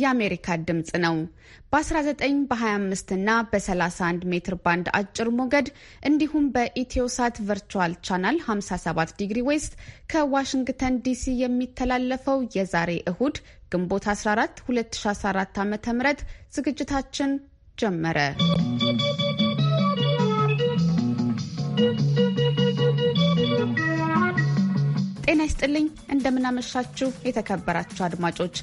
የአሜሪካ ድምፅ ነው። በ19 በ25 እና በ31 ሜትር ባንድ አጭር ሞገድ እንዲሁም በኢትዮሳት ቨርቹዋል ቻናል 57 ዲግሪ ዌስት ከዋሽንግተን ዲሲ የሚተላለፈው የዛሬ እሁድ ግንቦት 14 2014 ዓ ም ዝግጅታችን ጀመረ። ይስጥልኝ። እንደምናመሻችሁ የተከበራችሁ አድማጮች፣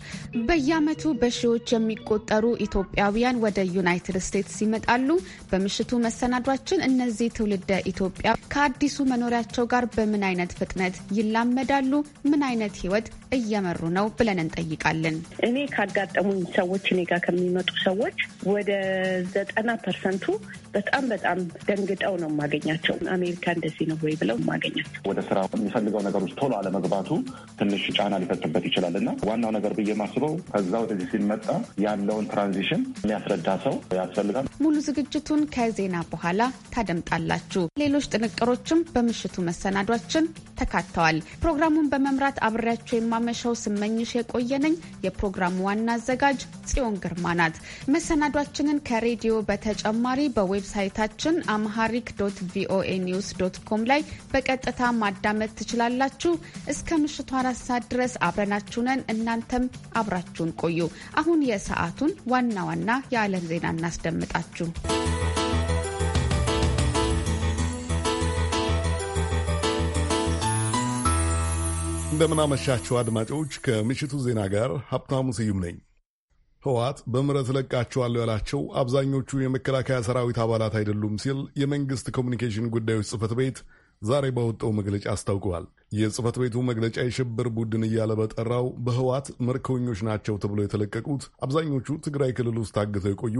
በየአመቱ በሺዎች የሚቆጠሩ ኢትዮጵያውያን ወደ ዩናይትድ ስቴትስ ይመጣሉ። በምሽቱ መሰናዷችን እነዚህ ትውልደ ኢትዮጵያ ከአዲሱ መኖሪያቸው ጋር በምን አይነት ፍጥነት ይላመዳሉ፣ ምን አይነት ህይወት እየመሩ ነው ብለን እንጠይቃለን። እኔ ካጋጠሙኝ ሰዎች እኔ ጋር ከሚመጡ ሰዎች ወደ ዘጠና ፐርሰንቱ በጣም በጣም ደንግጠው ነው የማገኛቸው። አሜሪካ እንደዚህ ነው ወይ ብለው የማገኛቸው ወደ ስራ የሚፈልገው ነገር ውስጥ ቶሎ አለ ለመግባቱ ትንሽ ጫና ሊፈጥርበት ይችላል እና ዋናው ነገር ብዬ ማስበው ከዛ ወደዚህ ሲመጣ ያለውን ትራንዚሽን የሚያስረዳ ሰው ያስፈልጋል። ሙሉ ዝግጅቱን ከዜና በኋላ ታደምጣላችሁ። ሌሎች ጥንቅሮችም በምሽቱ መሰናዷችን ተካተዋል። ፕሮግራሙን በመምራት አብሬያቸው የማመሸው ስመኝሽ የቆየነኝ የፕሮግራሙ ዋና አዘጋጅ ጽዮን ግርማ ናት። መሰናዷችንን ከሬዲዮ በተጨማሪ በዌብሳይታችን አምሃሪክ ዶት ቪኦኤ ኒውስ ዶት ኮም ላይ በቀጥታ ማዳመጥ ትችላላችሁ። እስከ ምሽቱ አራት ሰዓት ድረስ አብረናችሁ ነን። እናንተም አብራችሁን ቆዩ። አሁን የሰዓቱን ዋና ዋና የዓለም ዜና እናስደምጣችሁ። እንደምናመሻችሁ አድማጮች፣ ከምሽቱ ዜና ጋር ሀብታሙ ስዩም ነኝ። ህወሓት በምህረት ለቃቸዋለሁ ያላቸው አብዛኞቹ የመከላከያ ሰራዊት አባላት አይደሉም ሲል የመንግሥት ኮሚኒኬሽን ጉዳዮች ጽህፈት ቤት ዛሬ ባወጣው መግለጫ አስታውቀዋል። የጽህፈት ቤቱ መግለጫ የሽብር ቡድን እያለ በጠራው በህዋት ምርኮኞች ናቸው ተብሎ የተለቀቁት አብዛኞቹ ትግራይ ክልል ውስጥ ታግተው የቆዩ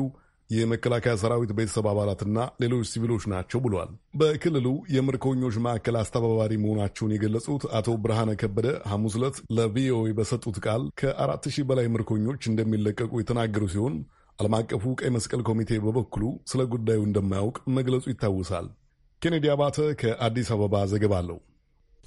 የመከላከያ ሰራዊት ቤተሰብ አባላትና ሌሎች ሲቪሎች ናቸው ብሏል። በክልሉ የምርኮኞች ማዕከል አስተባባሪ መሆናቸውን የገለጹት አቶ ብርሃነ ከበደ ሐሙስ ዕለት ለቪኦኤ በሰጡት ቃል ከአራት ሺህ በላይ ምርኮኞች እንደሚለቀቁ የተናገሩ ሲሆን ዓለም አቀፉ ቀይ መስቀል ኮሚቴ በበኩሉ ስለ ጉዳዩ እንደማያውቅ መግለጹ ይታወሳል። ኬኔዲ አባተ ከአዲስ አበባ ዘገባ አለው።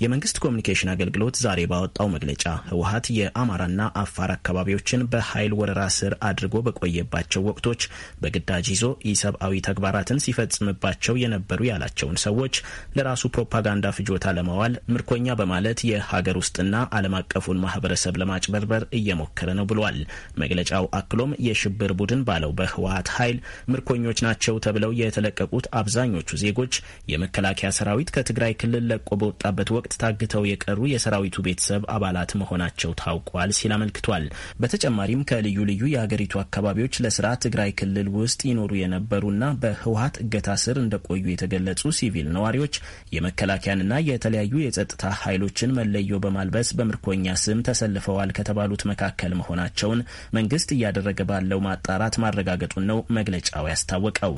የመንግስት ኮሚኒኬሽን አገልግሎት ዛሬ ባወጣው መግለጫ ህወሀት የአማራና አፋር አካባቢዎችን በኃይል ወረራ ስር አድርጎ በቆየባቸው ወቅቶች በግዳጅ ይዞ ኢሰብአዊ ተግባራትን ሲፈጽምባቸው የነበሩ ያላቸውን ሰዎች ለራሱ ፕሮፓጋንዳ ፍጆታ ለማዋል ምርኮኛ በማለት የሀገር ውስጥና ዓለም አቀፉን ማህበረሰብ ለማጭበርበር እየሞከረ ነው ብሏል። መግለጫው አክሎም የሽብር ቡድን ባለው በህወሀት ኃይል ምርኮኞች ናቸው ተብለው የተለቀቁት አብዛኞቹ ዜጎች የመከላከያ ሰራዊት ከትግራይ ክልል ለቆ በወጣበት ወቅት ወቅት ታግተው የቀሩ የሰራዊቱ ቤተሰብ አባላት መሆናቸው ታውቋል ሲል አመልክቷል። በተጨማሪም ከልዩ ልዩ የሀገሪቱ አካባቢዎች ለስራ ትግራይ ክልል ውስጥ ይኖሩ የነበሩና በህወሀት እገታ ስር እንደቆዩ የተገለጹ ሲቪል ነዋሪዎች የመከላከያንና የተለያዩ የጸጥታ ኃይሎችን መለዮ በማልበስ በምርኮኛ ስም ተሰልፈዋል ከተባሉት መካከል መሆናቸውን መንግስት እያደረገ ባለው ማጣራት ማረጋገጡን ነው መግለጫው ያስታወቀው።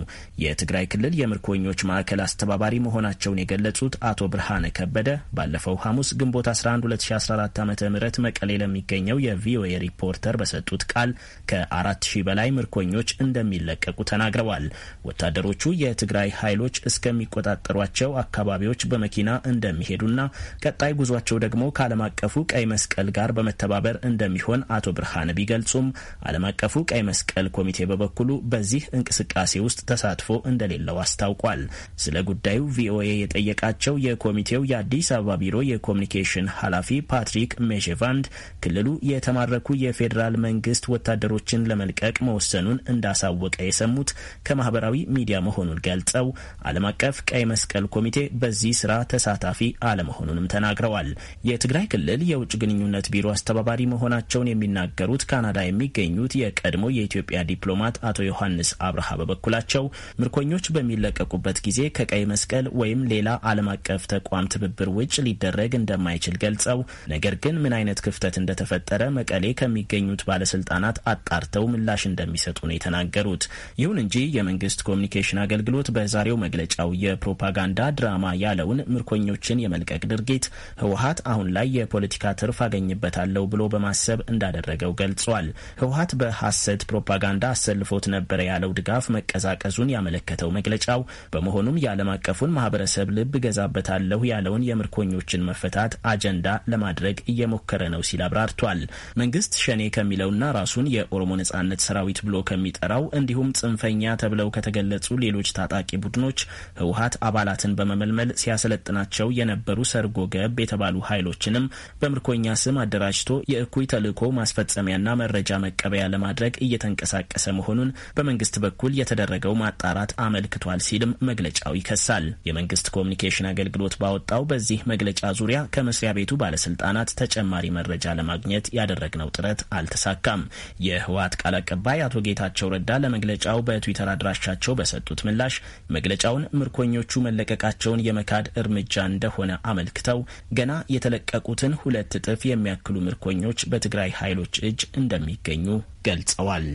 የትግራይ ክልል የምርኮኞች ማዕከል አስተባባሪ መሆናቸውን የገለጹት አቶ ብርሃነ ከበደ ባለፈው ሐሙስ ግንቦት 11 2014 ዓ ም መቀሌ ለሚገኘው የቪኦኤ ሪፖርተር በሰጡት ቃል ከ4000 በላይ ምርኮኞች እንደሚለቀቁ ተናግረዋል። ወታደሮቹ የትግራይ ኃይሎች እስከሚቆጣጠሯቸው አካባቢዎች በመኪና እንደሚሄዱና ቀጣይ ጉዟቸው ደግሞ ከዓለም አቀፉ ቀይ መስቀል ጋር በመተባበር እንደሚሆን አቶ ብርሃነ ቢገልጹም ዓለም አቀፉ ቀይ መስቀል ኮሚቴ በበኩሉ በዚህ እንቅስቃሴ ውስጥ ተሳትፎ እንደሌለው አስታውቋል። ስለ ጉዳዩ ቪኦኤ የጠየቃቸው የኮሚቴው የአዲስ አበባ አበባ ቢሮ የኮሚኒኬሽን ኃላፊ ፓትሪክ ሜሼቫንድ ክልሉ የተማረኩ የፌዴራል መንግስት ወታደሮችን ለመልቀቅ መወሰኑን እንዳሳወቀ የሰሙት ከማህበራዊ ሚዲያ መሆኑን ገልጸው ዓለም አቀፍ ቀይ መስቀል ኮሚቴ በዚህ ስራ ተሳታፊ አለመሆኑንም ተናግረዋል። የትግራይ ክልል የውጭ ግንኙነት ቢሮ አስተባባሪ መሆናቸውን የሚናገሩት ካናዳ የሚገኙት የቀድሞ የኢትዮጵያ ዲፕሎማት አቶ ዮሐንስ አብርሃ በበኩላቸው ምርኮኞች በሚለቀቁበት ጊዜ ከቀይ መስቀል ወይም ሌላ ዓለም አቀፍ ተቋም ትብብር ውጭ ሊደረግ እንደማይችል ገልጸው ነገር ግን ምን አይነት ክፍተት እንደተፈጠረ መቀሌ ከሚገኙት ባለስልጣናት አጣርተው ምላሽ እንደሚሰጡ ነው የተናገሩት። ይሁን እንጂ የመንግስት ኮሚኒኬሽን አገልግሎት በዛሬው መግለጫው የፕሮፓጋንዳ ድራማ ያለውን ምርኮኞችን የመልቀቅ ድርጊት ህወሀት አሁን ላይ የፖለቲካ ትርፍ አገኝበታለሁ ብሎ በማሰብ እንዳደረገው ገልጿል። ህወሀት በሐሰት ፕሮፓጋንዳ አሰልፎት ነበረ ያለው ድጋፍ መቀዛቀዙን ያመለከተው መግለጫው በመሆኑም የዓለም አቀፉን ማህበረሰብ ልብ ገዛበታለሁ ያለውን የምርኮ የእስረኞችን መፈታት አጀንዳ ለማድረግ እየሞከረ ነው ሲል አብራርቷል። መንግስት ሸኔ ከሚለውና ራሱን የኦሮሞ ነጻነት ሰራዊት ብሎ ከሚጠራው እንዲሁም ጽንፈኛ ተብለው ከተገለጹ ሌሎች ታጣቂ ቡድኖች ህወሀት አባላትን በመመልመል ሲያሰለጥናቸው የነበሩ ሰርጎ ገብ የተባሉ ኃይሎችንም በምርኮኛ ስም አደራጅቶ የእኩይ ተልዕኮ ማስፈጸሚያና መረጃ መቀበያ ለማድረግ እየተንቀሳቀሰ መሆኑን በመንግስት በኩል የተደረገው ማጣራት አመልክቷል ሲልም መግለጫው ይከሳል። የመንግስት ኮሚኒኬሽን አገልግሎት ባወጣው በዚህ መ መግለጫ ዙሪያ ከመስሪያ ቤቱ ባለስልጣናት ተጨማሪ መረጃ ለማግኘት ያደረግነው ጥረት አልተሳካም። የህወሀት ቃል አቀባይ አቶ ጌታቸው ረዳ ለመግለጫው በትዊተር አድራሻቸው በሰጡት ምላሽ መግለጫውን ምርኮኞቹ መለቀቃቸውን የመካድ እርምጃ እንደሆነ አመልክተው ገና የተለቀቁትን ሁለት እጥፍ የሚያክሉ ምርኮኞች በትግራይ ኃይሎች እጅ እንደሚገኙ ገልጸዋል።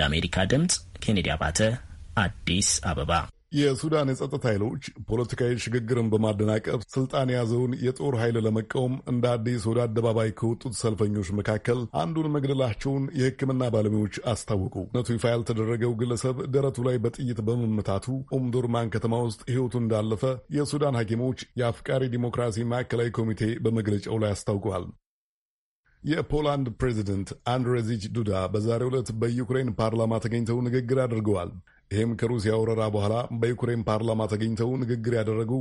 ለአሜሪካ ድምፅ ኬኔዲ አባተ አዲስ አበባ የሱዳን የጸጥታ ኃይሎች ፖለቲካዊ ሽግግርን በማደናቀፍ ስልጣን የያዘውን የጦር ኃይል ለመቃወም እንደ አዲስ ወደ አደባባይ ከወጡት ሰልፈኞች መካከል አንዱን መግደላቸውን የሕክምና ባለሙያዎች አስታወቁ። ነቱ ይፋ ያልተደረገው ግለሰብ ደረቱ ላይ በጥይት በመመታቱ ኡምዱርማን ከተማ ውስጥ ሕይወቱ እንዳለፈ የሱዳን ሐኪሞች የአፍቃሪ ዲሞክራሲ ማዕከላዊ ኮሚቴ በመግለጫው ላይ አስታውቀዋል። የፖላንድ ፕሬዚደንት አንድሬዚች ዱዳ በዛሬው ዕለት በዩክሬን ፓርላማ ተገኝተው ንግግር አድርገዋል። ይህም ከሩሲያ ወረራ በኋላ በዩክሬን ፓርላማ ተገኝተው ንግግር ያደረጉ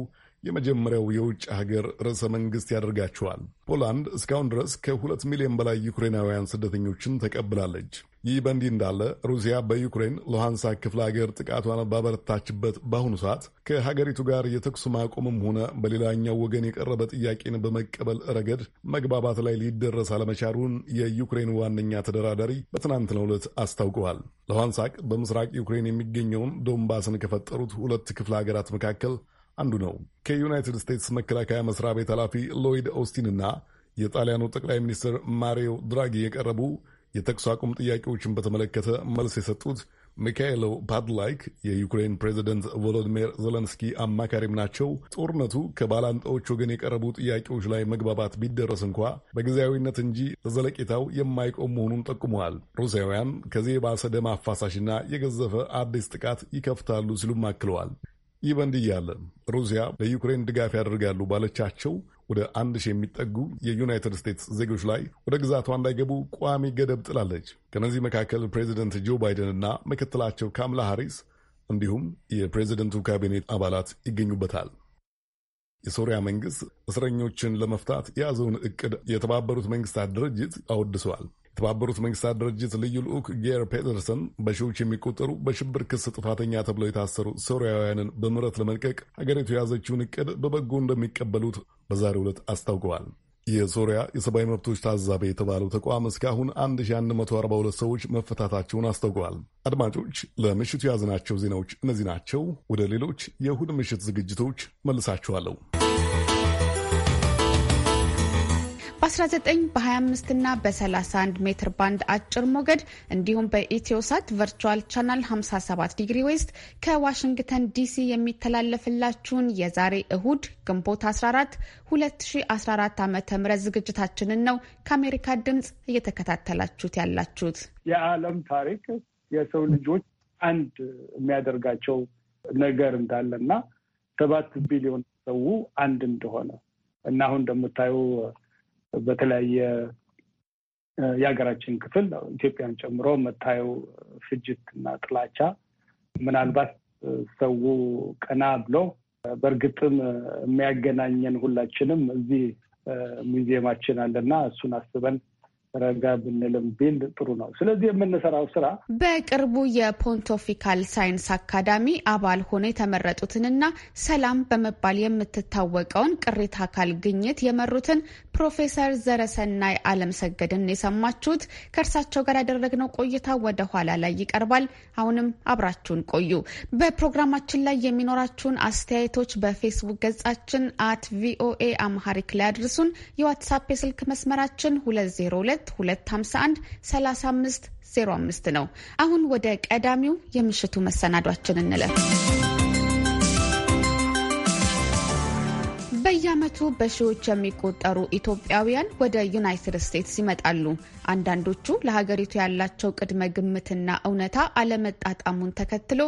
የመጀመሪያው የውጭ ሀገር ርዕሰ መንግስት ያደርጋቸዋል። ፖላንድ እስካሁን ድረስ ከሁለት ሚሊዮን በላይ ዩክሬናውያን ስደተኞችን ተቀብላለች። ይህ በእንዲህ እንዳለ ሩሲያ በዩክሬን ሉሃንስክ ክፍለ ሀገር ጥቃቷን ባበረታችበት በአሁኑ ሰዓት ከሀገሪቱ ጋር የተኩስ ማቆምም ሆነ በሌላኛው ወገን የቀረበ ጥያቄን በመቀበል ረገድ መግባባት ላይ ሊደረስ አለመቻሉን የዩክሬን ዋነኛ ተደራዳሪ በትናንትናው ዕለት አስታውቀዋል። ሉሃንስክ በምስራቅ ዩክሬን የሚገኘውን ዶንባስን ከፈጠሩት ሁለት ክፍለ ሀገራት መካከል አንዱ ነው። ከዩናይትድ ስቴትስ መከላከያ መስሪያ ቤት ኃላፊ ሎይድ ኦስቲንና የጣሊያኑ ጠቅላይ ሚኒስትር ማሪዮ ድራጊ የቀረቡ የተኩስ አቁም ጥያቄዎችን በተመለከተ መልስ የሰጡት ሚካኤሎ ፓድላይክ የዩክሬን ፕሬዚደንት ቮሎዲሚር ዘለንስኪ አማካሪም ናቸው። ጦርነቱ ከባላንጣዎች ወገን የቀረቡ ጥያቄዎች ላይ መግባባት ቢደረስ እንኳ በጊዜያዊነት እንጂ ዘለቄታው የማይቆም መሆኑን ጠቁመዋል። ሩሲያውያን ከዚህ የባሰ ደም አፋሳሽና የገዘፈ አዲስ ጥቃት ይከፍታሉ ሲሉም አክለዋል። ይህ በእንዲህ ሩሲያ ለዩክሬን ድጋፍ ያደርጋሉ ባለቻቸው ወደ አንድ ሺህ የሚጠጉ የዩናይትድ ስቴትስ ዜጎች ላይ ወደ ግዛቷ እንዳይገቡ ቋሚ ገደብ ጥላለች። ከእነዚህ መካከል ፕሬዚደንት ጆ ባይደን እና ምክትላቸው ካምላ ሃሪስ እንዲሁም የፕሬዚደንቱ ካቢኔት አባላት ይገኙበታል። የሶሪያ መንግስት እስረኞችን ለመፍታት የያዘውን እቅድ የተባበሩት መንግስታት ድርጅት አወድሰዋል። የተባበሩት መንግስታት ድርጅት ልዩ ልዑክ ጌር ፔተርሰን በሺዎች የሚቆጠሩ በሽብር ክስ ጥፋተኛ ተብለው የታሰሩ ሶሪያውያንን በምህረት ለመልቀቅ ሀገሪቱ የያዘችውን እቅድ በበጎ እንደሚቀበሉት በዛሬው ዕለት አስታውቀዋል። የሶሪያ የሰብአዊ መብቶች ታዛቢ የተባለው ተቋም እስካሁን 1142 ሰዎች መፈታታቸውን አስታውቀዋል። አድማጮች፣ ለምሽቱ የያዝናቸው ዜናዎች እነዚህ ናቸው። ወደ ሌሎች የእሁድ ምሽት ዝግጅቶች መልሳችኋለሁ። በ19 በ25 እና በ31 ሜትር ባንድ አጭር ሞገድ እንዲሁም በኢትዮሳት ቨርቹዋል ቻናል 57 ዲግሪ ዌስት ከዋሽንግተን ዲሲ የሚተላለፍላችሁን የዛሬ እሁድ ግንቦት 14 2014 ዓ ም ዝግጅታችንን ነው ከአሜሪካ ድምፅ እየተከታተላችሁት ያላችሁት። የዓለም ታሪክ የሰው ልጆች አንድ የሚያደርጋቸው ነገር እንዳለና ሰባት ቢሊዮን ሰው አንድ እንደሆነ እና አሁን እንደምታዩ። በተለያየ የሀገራችን ክፍል ኢትዮጵያን ጨምሮ መታየው ፍጅት እና ጥላቻ ምናልባት ሰው ቀና ብሎ በእርግጥም የሚያገናኘን ሁላችንም እዚህ ሙዚየማችን አለና እሱን አስበን ረጋ ብንልም ቢል ጥሩ ነው። ስለዚህ የምንሰራው ስራ በቅርቡ የፖንቶፊካል ሳይንስ አካዳሚ አባል ሆነ የተመረጡትንና ሰላም በመባል የምትታወቀውን ቅሪተ አካል ግኝት የመሩትን ፕሮፌሰር ዘረሰናይ ሰገድን የሰማችሁት። ከእርሳቸው ጋር ያደረግነው ቆይታ ወደ ኋላ ላይ ይቀርባል። አሁንም አብራችሁን ቆዩ። በፕሮግራማችን ላይ የሚኖራችሁን አስተያየቶች በፌስቡክ ገጻችን አት ቪኦኤ አምሃሪክ ላይ አድርሱን። የዋትሳፕ የስልክ መስመራችን 2022513505 ነው። አሁን ወደ ቀዳሚው የምሽቱ መሰናዷችን እንለፍ። በየዓመቱ በሺዎች የሚቆጠሩ ኢትዮጵያውያን ወደ ዩናይትድ ስቴትስ ይመጣሉ። አንዳንዶቹ ለሀገሪቱ ያላቸው ቅድመ ግምትና እውነታ አለመጣጣሙን ተከትሎ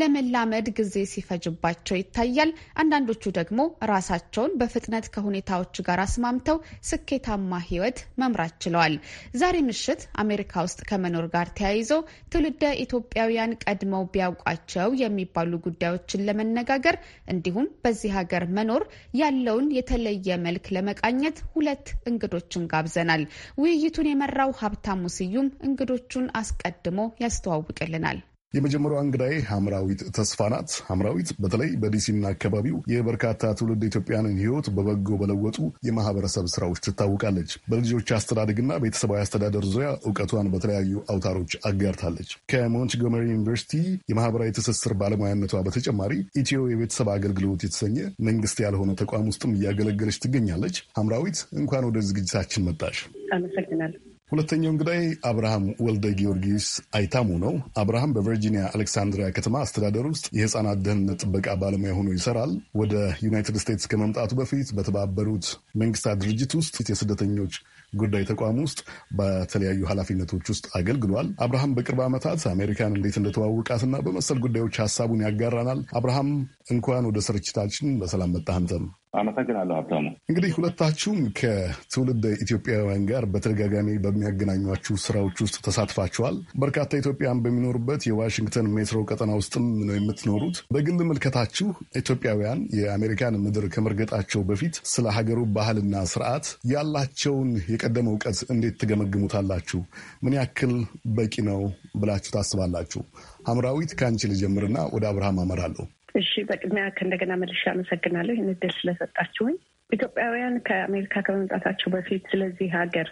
ለመላመድ ጊዜ ሲፈጅባቸው ይታያል። አንዳንዶቹ ደግሞ ራሳቸውን በፍጥነት ከሁኔታዎች ጋር አስማምተው ስኬታማ ሕይወት መምራት ችለዋል። ዛሬ ምሽት አሜሪካ ውስጥ ከመኖር ጋር ተያይዘው ትውልደ ኢትዮጵያውያን ቀድመው ቢያውቋቸው የሚባሉ ጉዳዮችን ለመነጋገር እንዲሁም በዚህ ሀገር መኖር ያለውን የተለየ መልክ ለመቃኘት ሁለት እንግዶችን ጋብዘናል። ውይይቱን የመራው ባልደረባው ሀብታሙ ስዩም እንግዶቹን አስቀድሞ ያስተዋውቅልናል። የመጀመሪያዋ እንግዳዬ ሐምራዊት ተስፋ ናት። ሐምራዊት በተለይ በዲሲና አካባቢው የበርካታ ትውልድ ኢትዮጵያንን ሕይወት በበጎ በለወጡ የማህበረሰብ ስራዎች ትታወቃለች። በልጆች አስተዳደግና ቤተሰባዊ አስተዳደር ዙሪያ እውቀቷን በተለያዩ አውታሮች አጋርታለች። ከሞንትጎመሪ ዩኒቨርሲቲ የማህበራዊ ትስስር ባለሙያነቷ በተጨማሪ ኢትዮ የቤተሰብ አገልግሎት የተሰኘ መንግስት ያልሆነ ተቋም ውስጥም እያገለገለች ትገኛለች። ሐምራዊት እንኳን ወደ ዝግጅታችን መጣሽ። አመሰግናለሁ። ሁለተኛው እንግዳይ አብርሃም ወልደ ጊዮርጊስ አይታሙ ነው። አብርሃም በቨርጂኒያ አሌክሳንድሪያ ከተማ አስተዳደር ውስጥ የህፃናት ደህንነት ጥበቃ ባለሙያ ሆኖ ይሰራል። ወደ ዩናይትድ ስቴትስ ከመምጣቱ በፊት በተባበሩት መንግስታት ድርጅት ውስጥ የስደተኞች ጉዳይ ተቋም ውስጥ በተለያዩ ኃላፊነቶች ውስጥ አገልግሏል። አብርሃም በቅርብ ዓመታት አሜሪካን እንዴት እንደተዋወቃትና በመሰል ጉዳዮች ሀሳቡን ያጋራናል። አብርሃም እንኳን ወደ ስርችታችን በሰላም መጣህ። አንተም አመሰግናለሁ ሀብታሙ። እንግዲህ ሁለታችሁም ከትውልድ ኢትዮጵያውያን ጋር በተደጋጋሚ በሚያገናኟችሁ ስራዎች ውስጥ ተሳትፋችኋል። በርካታ ኢትዮጵያን በሚኖሩበት የዋሽንግተን ሜትሮ ቀጠና ውስጥም ነው የምትኖሩት። በግል ምልከታችሁ ኢትዮጵያውያን የአሜሪካን ምድር ከመርገጣቸው በፊት ስለ ሀገሩ ባህልና ስርዓት ያላቸውን የቀደመ እውቀት እንዴት ትገመግሙታላችሁ? ምን ያክል በቂ ነው ብላችሁ ታስባላችሁ? ሐምራዊት ከአንቺ ልጀምርና ወደ አብርሃም አመራለሁ። እሺ፣ በቅድሚያ ከእንደገና መልሼ አመሰግናለሁ ይህን እድል ስለሰጣችሁኝ። ኢትዮጵያውያን ከአሜሪካ ከመምጣታቸው በፊት ስለዚህ ሀገር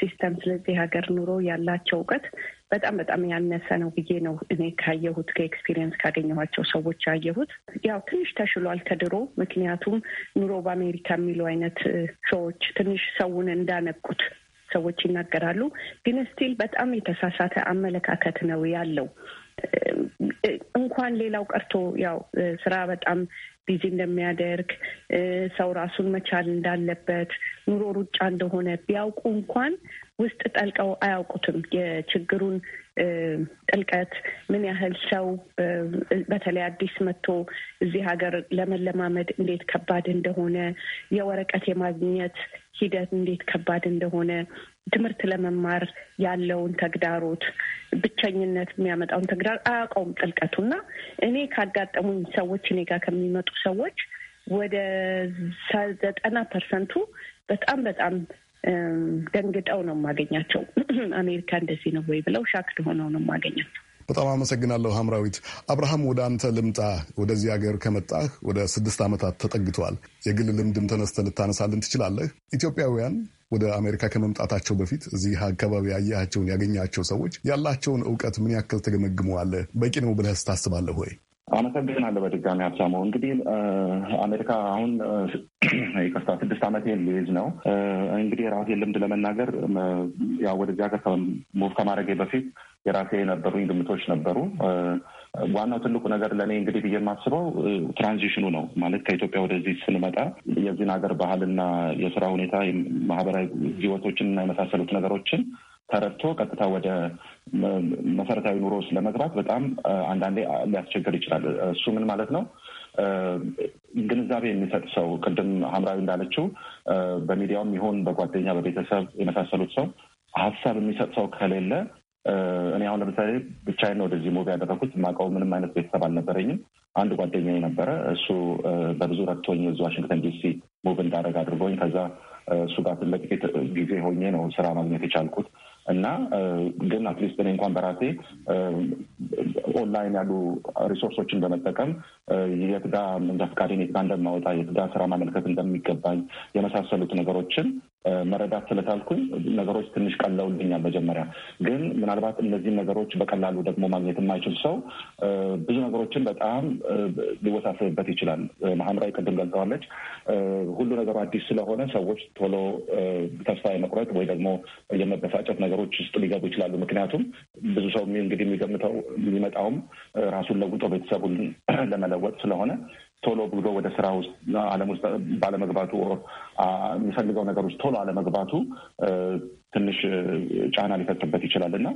ሲስተም፣ ስለዚህ ሀገር ኑሮ ያላቸው እውቀት በጣም በጣም ያነሰ ነው ብዬ ነው እኔ ካየሁት ከኤክስፒሪየንስ ካገኘኋቸው ሰዎች ያየሁት። ያው ትንሽ ተሽሏል ከድሮ ምክንያቱም ኑሮ በአሜሪካ የሚሉ አይነት ሰዎች ትንሽ ሰውን እንዳነቁት ሰዎች ይናገራሉ። ግን ስቲል በጣም የተሳሳተ አመለካከት ነው ያለው እንኳን ሌላው ቀርቶ ያው ስራ በጣም ቢዚ እንደሚያደርግ ሰው ራሱን መቻል እንዳለበት ኑሮ ሩጫ እንደሆነ ቢያውቁ እንኳን ውስጥ ጠልቀው አያውቁትም። የችግሩን ጥልቀት ምን ያህል ሰው በተለይ አዲስ መጥቶ እዚህ ሀገር ለመለማመድ እንዴት ከባድ እንደሆነ፣ የወረቀት የማግኘት ሂደት እንዴት ከባድ እንደሆነ፣ ትምህርት ለመማር ያለውን ተግዳሮት፣ ብቸኝነት የሚያመጣውን ተግዳሮት አያውቀውም ጥልቀቱና እኔ ካጋጠሙኝ ሰዎች እኔ ጋር ከሚመጡ ሰዎች ወደ ዘጠና ፐርሰንቱ በጣም በጣም ደንግጠው ነው የማገኛቸው። አሜሪካ እንደዚህ ነው ወይ ብለው ሻክድ ሆነው ነው የማገኛቸው። በጣም አመሰግናለሁ ሀምራዊት። አብርሃም ወደ አንተ ልምጣ። ወደዚህ ሀገር ከመጣህ ወደ ስድስት ዓመታት ተጠግተዋል። የግል ልምድም ተነስተ ልታነሳልን ትችላለህ። ኢትዮጵያውያን ወደ አሜሪካ ከመምጣታቸው በፊት እዚህ አካባቢ ያያቸውን ያገኛቸው ሰዎች ያላቸውን እውቀት ምን ያክል ትገመግመዋለህ? በቂ ነው ብለህስ ታስባለህ ወይ? አመሰግናለሁ በድጋሚ ሀብታሙ። እንግዲህ አሜሪካ አሁን ይቅርታ ስድስት ዓመቴን ልይዝ ነው። እንግዲህ የራሴ ልምድ ለመናገር ያው ወደዚህ ሀገር ሙቭ ከማድረጌ በፊት የራሴ የነበሩኝ ግምቶች ነበሩ። ዋናው ትልቁ ነገር ለእኔ እንግዲህ ብዬ የማስበው ትራንዚሽኑ ነው ማለት ከኢትዮጵያ ወደዚህ ስንመጣ የዚህን ሀገር ባህልና የስራ ሁኔታ ማህበራዊ ህይወቶችን እና የመሳሰሉት ነገሮችን ተረድቶ ቀጥታ ወደ መሰረታዊ ኑሮ ውስጥ ለመግባት በጣም አንዳንዴ ሊያስቸግር ይችላል። እሱ ምን ማለት ነው? ግንዛቤ የሚሰጥ ሰው ቅድም ሀምራዊ እንዳለችው በሚዲያውም ይሁን በጓደኛ በቤተሰብ የመሳሰሉት ሰው ሀሳብ የሚሰጥ ሰው ከሌለ እኔ አሁን ለምሳሌ ብቻዬን ነው ወደዚህ ሙቪ ያደረኩት። የማውቀው ምንም አይነት ቤተሰብ አልነበረኝም። አንድ ጓደኛዬ ነበረ። እሱ በብዙ ረድቶኝ እዚህ ዋሽንግተን ዲሲ ሙቭ እንዳደረግ አድርጎኝ ከዛ እሱ ጋር ለጥቂት ጊዜ ሆኜ ነው ስራ ማግኘት የቻልኩት። እና ግን አትሊስት እኔ እንኳን በራሴ ኦንላይን ያሉ ሪሶርሶችን በመጠቀም የትጋ መንጃ ፈቃዴን የትጋ እንደማወጣ የትጋ ስራ ማመልከት እንደሚገባኝ የመሳሰሉት ነገሮችን መረዳት ስለታልኩኝ ነገሮች ትንሽ ቀለውልኛል። መጀመሪያ ግን ምናልባት እነዚህን ነገሮች በቀላሉ ደግሞ ማግኘት የማይችል ሰው ብዙ ነገሮችን በጣም ሊወሳሰብበት ይችላል። ማህምራዊ ቅድም ገልጸዋለች። ሁሉ ነገሩ አዲስ ስለሆነ ሰዎች ቶሎ ተስፋ የመቁረጥ ወይ ደግሞ የመበሳጨት ነገር ነገሮች ውስጥ ሊገቡ ይችላሉ። ምክንያቱም ብዙ ሰው እንግዲህ የሚገምተው የሚመጣውም ራሱን ለውጦ ቤተሰቡን ለመለወጥ ስለሆነ ቶሎ ብሎ ወደ ስራ ውስጥ ዓለም ውስጥ ባለመግባቱ የሚፈልገው ነገር ውስጥ ቶሎ አለመግባቱ ትንሽ ጫና ሊፈጥርበት ይችላል እና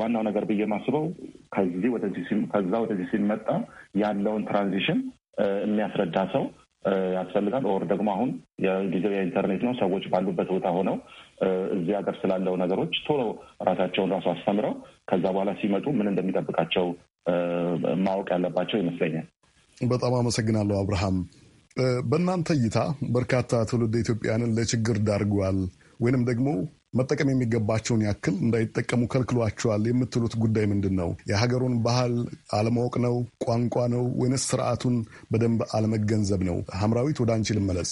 ዋናው ነገር ብዬ ማስበው ከዚህ ወደዚህ ከዛ ወደዚህ ሲመጣ ያለውን ትራንዚሽን የሚያስረዳ ሰው ያስፈልጋል። ኦር ደግሞ አሁን የጊዜው የኢንተርኔት ነው። ሰዎች ባሉበት ቦታ ሆነው እዚህ ሀገር ስላለው ነገሮች ቶሎ ራሳቸውን ራሱ አስተምረው ከዛ በኋላ ሲመጡ ምን እንደሚጠብቃቸው ማወቅ ያለባቸው ይመስለኛል። በጣም አመሰግናለሁ አብርሃም። በእናንተ እይታ በርካታ ትውልድ ኢትዮጵያንን ለችግር ዳርጓል ወይንም ደግሞ መጠቀም የሚገባቸውን ያክል እንዳይጠቀሙ ከልክሏቸዋል የምትሉት ጉዳይ ምንድን ነው? የሀገሩን ባህል አለማወቅ ነው? ቋንቋ ነው? ወይንስ ስርዓቱን በደንብ አለመገንዘብ ነው? ሀምራዊት ወደ አንቺ ልመለስ።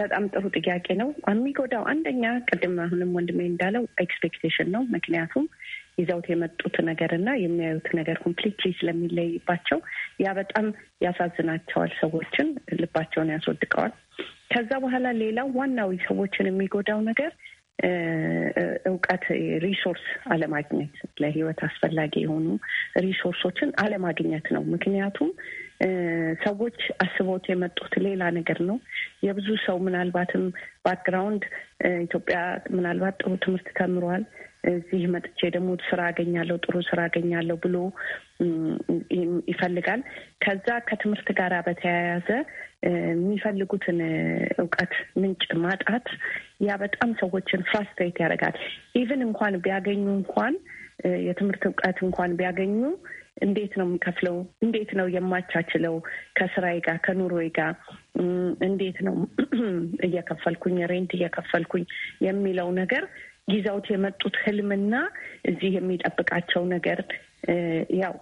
በጣም ጥሩ ጥያቄ ነው። የሚጎዳው አንደኛ ቅድም አሁንም ወንድሜ እንዳለው ኤክስፔክቴሽን ነው። ምክንያቱም ይዘውት የመጡት ነገር እና የሚያዩት ነገር ኮምፕሊትሊ ስለሚለይባቸው ያ በጣም ያሳዝናቸዋል። ሰዎችን ልባቸውን ያስወድቀዋል። ከዛ በኋላ ሌላው ዋናዊ ሰዎችን የሚጎዳው ነገር እውቀት ሪሶርስ አለማግኘት ለህይወት አስፈላጊ የሆኑ ሪሶርሶችን አለማግኘት ነው። ምክንያቱም ሰዎች አስቦት የመጡት ሌላ ነገር ነው። የብዙ ሰው ምናልባትም ባክግራውንድ ኢትዮጵያ ምናልባት ጥሩ ትምህርት ተምሯል። እዚህ መጥቼ ደግሞ ስራ አገኛለሁ፣ ጥሩ ስራ አገኛለሁ ብሎ ይፈልጋል። ከዛ ከትምህርት ጋር በተያያዘ የሚፈልጉትን እውቀት ምንጭ ማጣት ያ በጣም ሰዎችን ፍራስትሬት ያደርጋል። ኢቭን እንኳን ቢያገኙ እንኳን የትምህርት እውቀት እንኳን ቢያገኙ እንዴት ነው የምከፍለው? እንዴት ነው የማቻችለው? ከስራዬ ጋር ከኑሮዬ ጋር እንዴት ነው እየከፈልኩኝ ሬንት እየከፈልኩኝ የሚለው ነገር ይዘውት የመጡት ህልምና እዚህ የሚጠብቃቸው ነገር ያው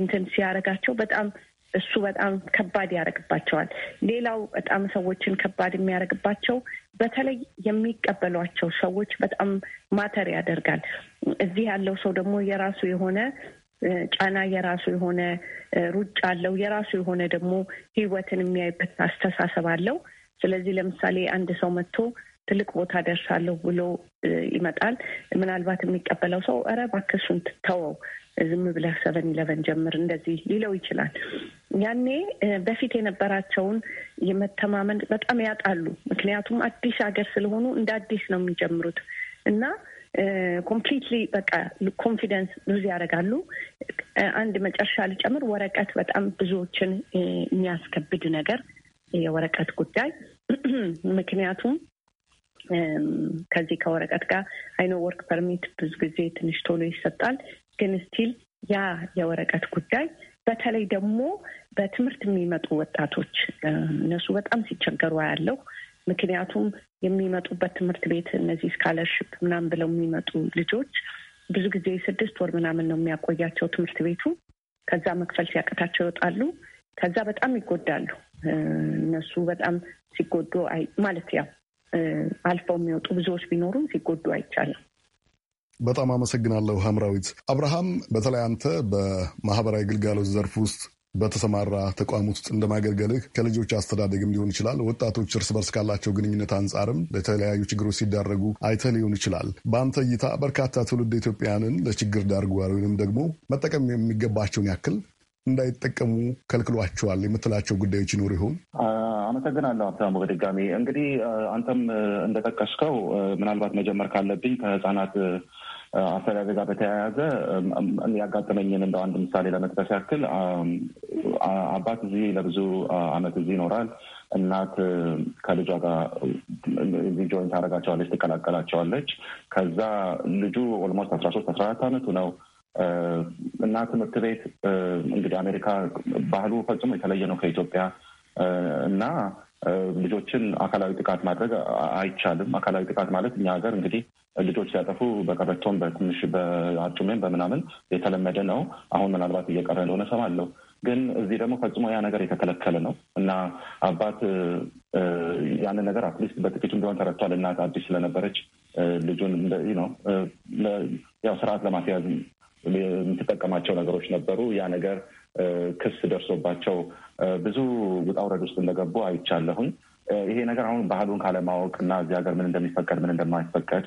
እንትን ሲያደርጋቸው በጣም እሱ በጣም ከባድ ያደርግባቸዋል። ሌላው በጣም ሰዎችን ከባድ የሚያደርግባቸው በተለይ የሚቀበሏቸው ሰዎች በጣም ማተር ያደርጋል። እዚህ ያለው ሰው ደግሞ የራሱ የሆነ ጫና የራሱ የሆነ ሩጫ አለው። የራሱ የሆነ ደግሞ ህይወትን የሚያይበት አስተሳሰብ አለው። ስለዚህ ለምሳሌ አንድ ሰው መጥቶ ትልቅ ቦታ ደርሳለሁ ብሎ ይመጣል። ምናልባት የሚቀበለው ሰው እረ ባክሱን ትተወው ዝም ብለህ ሰቨን ኢለቨን ጀምር እንደዚህ ሊለው ይችላል። ያኔ በፊት የነበራቸውን የመተማመን በጣም ያጣሉ። ምክንያቱም አዲስ ሀገር ስለሆኑ እንደ አዲስ ነው የሚጀምሩት እና ኮምፕሊትሊ በቃ ኮንፊደንስ ሉዝ ያደርጋሉ። አንድ መጨረሻ ልጨምር፣ ወረቀት በጣም ብዙዎችን የሚያስከብድ ነገር የወረቀት ጉዳይ ምክንያቱም ከዚህ ከወረቀት ጋር አይኖ ወርክ ፐርሚት ብዙ ጊዜ ትንሽ ቶሎ ይሰጣል፣ ግን ስቲል ያ የወረቀት ጉዳይ በተለይ ደግሞ በትምህርት የሚመጡ ወጣቶች እነሱ በጣም ሲቸገሩ ያለው ምክንያቱም የሚመጡበት ትምህርት ቤት እነዚህ ስካለርሽፕ ምናምን ብለው የሚመጡ ልጆች ብዙ ጊዜ ስድስት ወር ምናምን ነው የሚያቆያቸው ትምህርት ቤቱ። ከዛ መክፈል ሲያቅታቸው ይወጣሉ። ከዛ በጣም ይጎዳሉ። እነሱ በጣም ሲጎዱ ማለት ያው አልፈው የሚወጡ ብዙዎች ቢኖሩም ሲጎዱ አይቻልም። በጣም አመሰግናለሁ ሀምራዊት። አብርሃም፣ በተለይ አንተ በማህበራዊ ግልጋሎት ዘርፍ ውስጥ በተሰማራ ተቋም ውስጥ እንደማገልገልህ ከልጆች አስተዳደግም ሊሆን ይችላል፣ ወጣቶች እርስ በርስ ካላቸው ግንኙነት አንጻርም ለተለያዩ ችግሮች ሲዳረጉ አይተ ሊሆን ይችላል። በአንተ እይታ በርካታ ትውልድ ኢትዮጵያውያንን ለችግር ዳርጓል ወይም ደግሞ መጠቀም የሚገባቸውን ያክል እንዳይጠቀሙ ከልክሏቸዋል የምትላቸው ጉዳዮች ይኖር ይሆን? አመሰግናለሁ ሀብታሙ። በድጋሚ እንግዲህ አንተም እንደጠቀስከው ምናልባት መጀመር ካለብኝ ከህጻናት አስተዳደር ጋር በተያያዘ ያጋጠመኝን እንደው አንድ ምሳሌ ለመጥቀስ ያክል አባት እዚህ ለብዙ ዓመት እዚህ ይኖራል። እናት ከልጇ ጋር እዚህ ጆይን ታደርጋቸዋለች፣ ትቀላቀላቸዋለች። ከዛ ልጁ ኦልሞስት አስራ ሶስት አስራ አራት ዓመቱ ነው እና ትምህርት ቤት እንግዲህ አሜሪካ ባህሉ ፈጽሞ የተለየ ነው ከኢትዮጵያ እና ልጆችን አካላዊ ጥቃት ማድረግ አይቻልም። አካላዊ ጥቃት ማለት እኛ ሀገር እንግዲህ ልጆች ሲያጠፉ በቀበቶን በትንሽ በአርጩሜን በምናምን የተለመደ ነው። አሁን ምናልባት እየቀረ እንደሆነ እሰማለሁ። ግን እዚህ ደግሞ ፈጽሞ ያ ነገር የተከለከለ ነው እና አባት ያንን ነገር አትሊስት በጥቂቱም ቢሆን ተረድቷል። እናት አዲስ ስለነበረች ልጁን ነው ያው ስርዓት ለማስያዝ የምትጠቀማቸው ነገሮች ነበሩ ያ ነገር ክስ ደርሶባቸው ብዙ ውጣውረድ ውስጥ እንደገቡ አይቻለሁኝ። ይሄ ነገር አሁን ባህሉን ካለማወቅ እና እዚህ ሀገር ምን እንደሚፈቀድ ምን እንደማይፈቀድ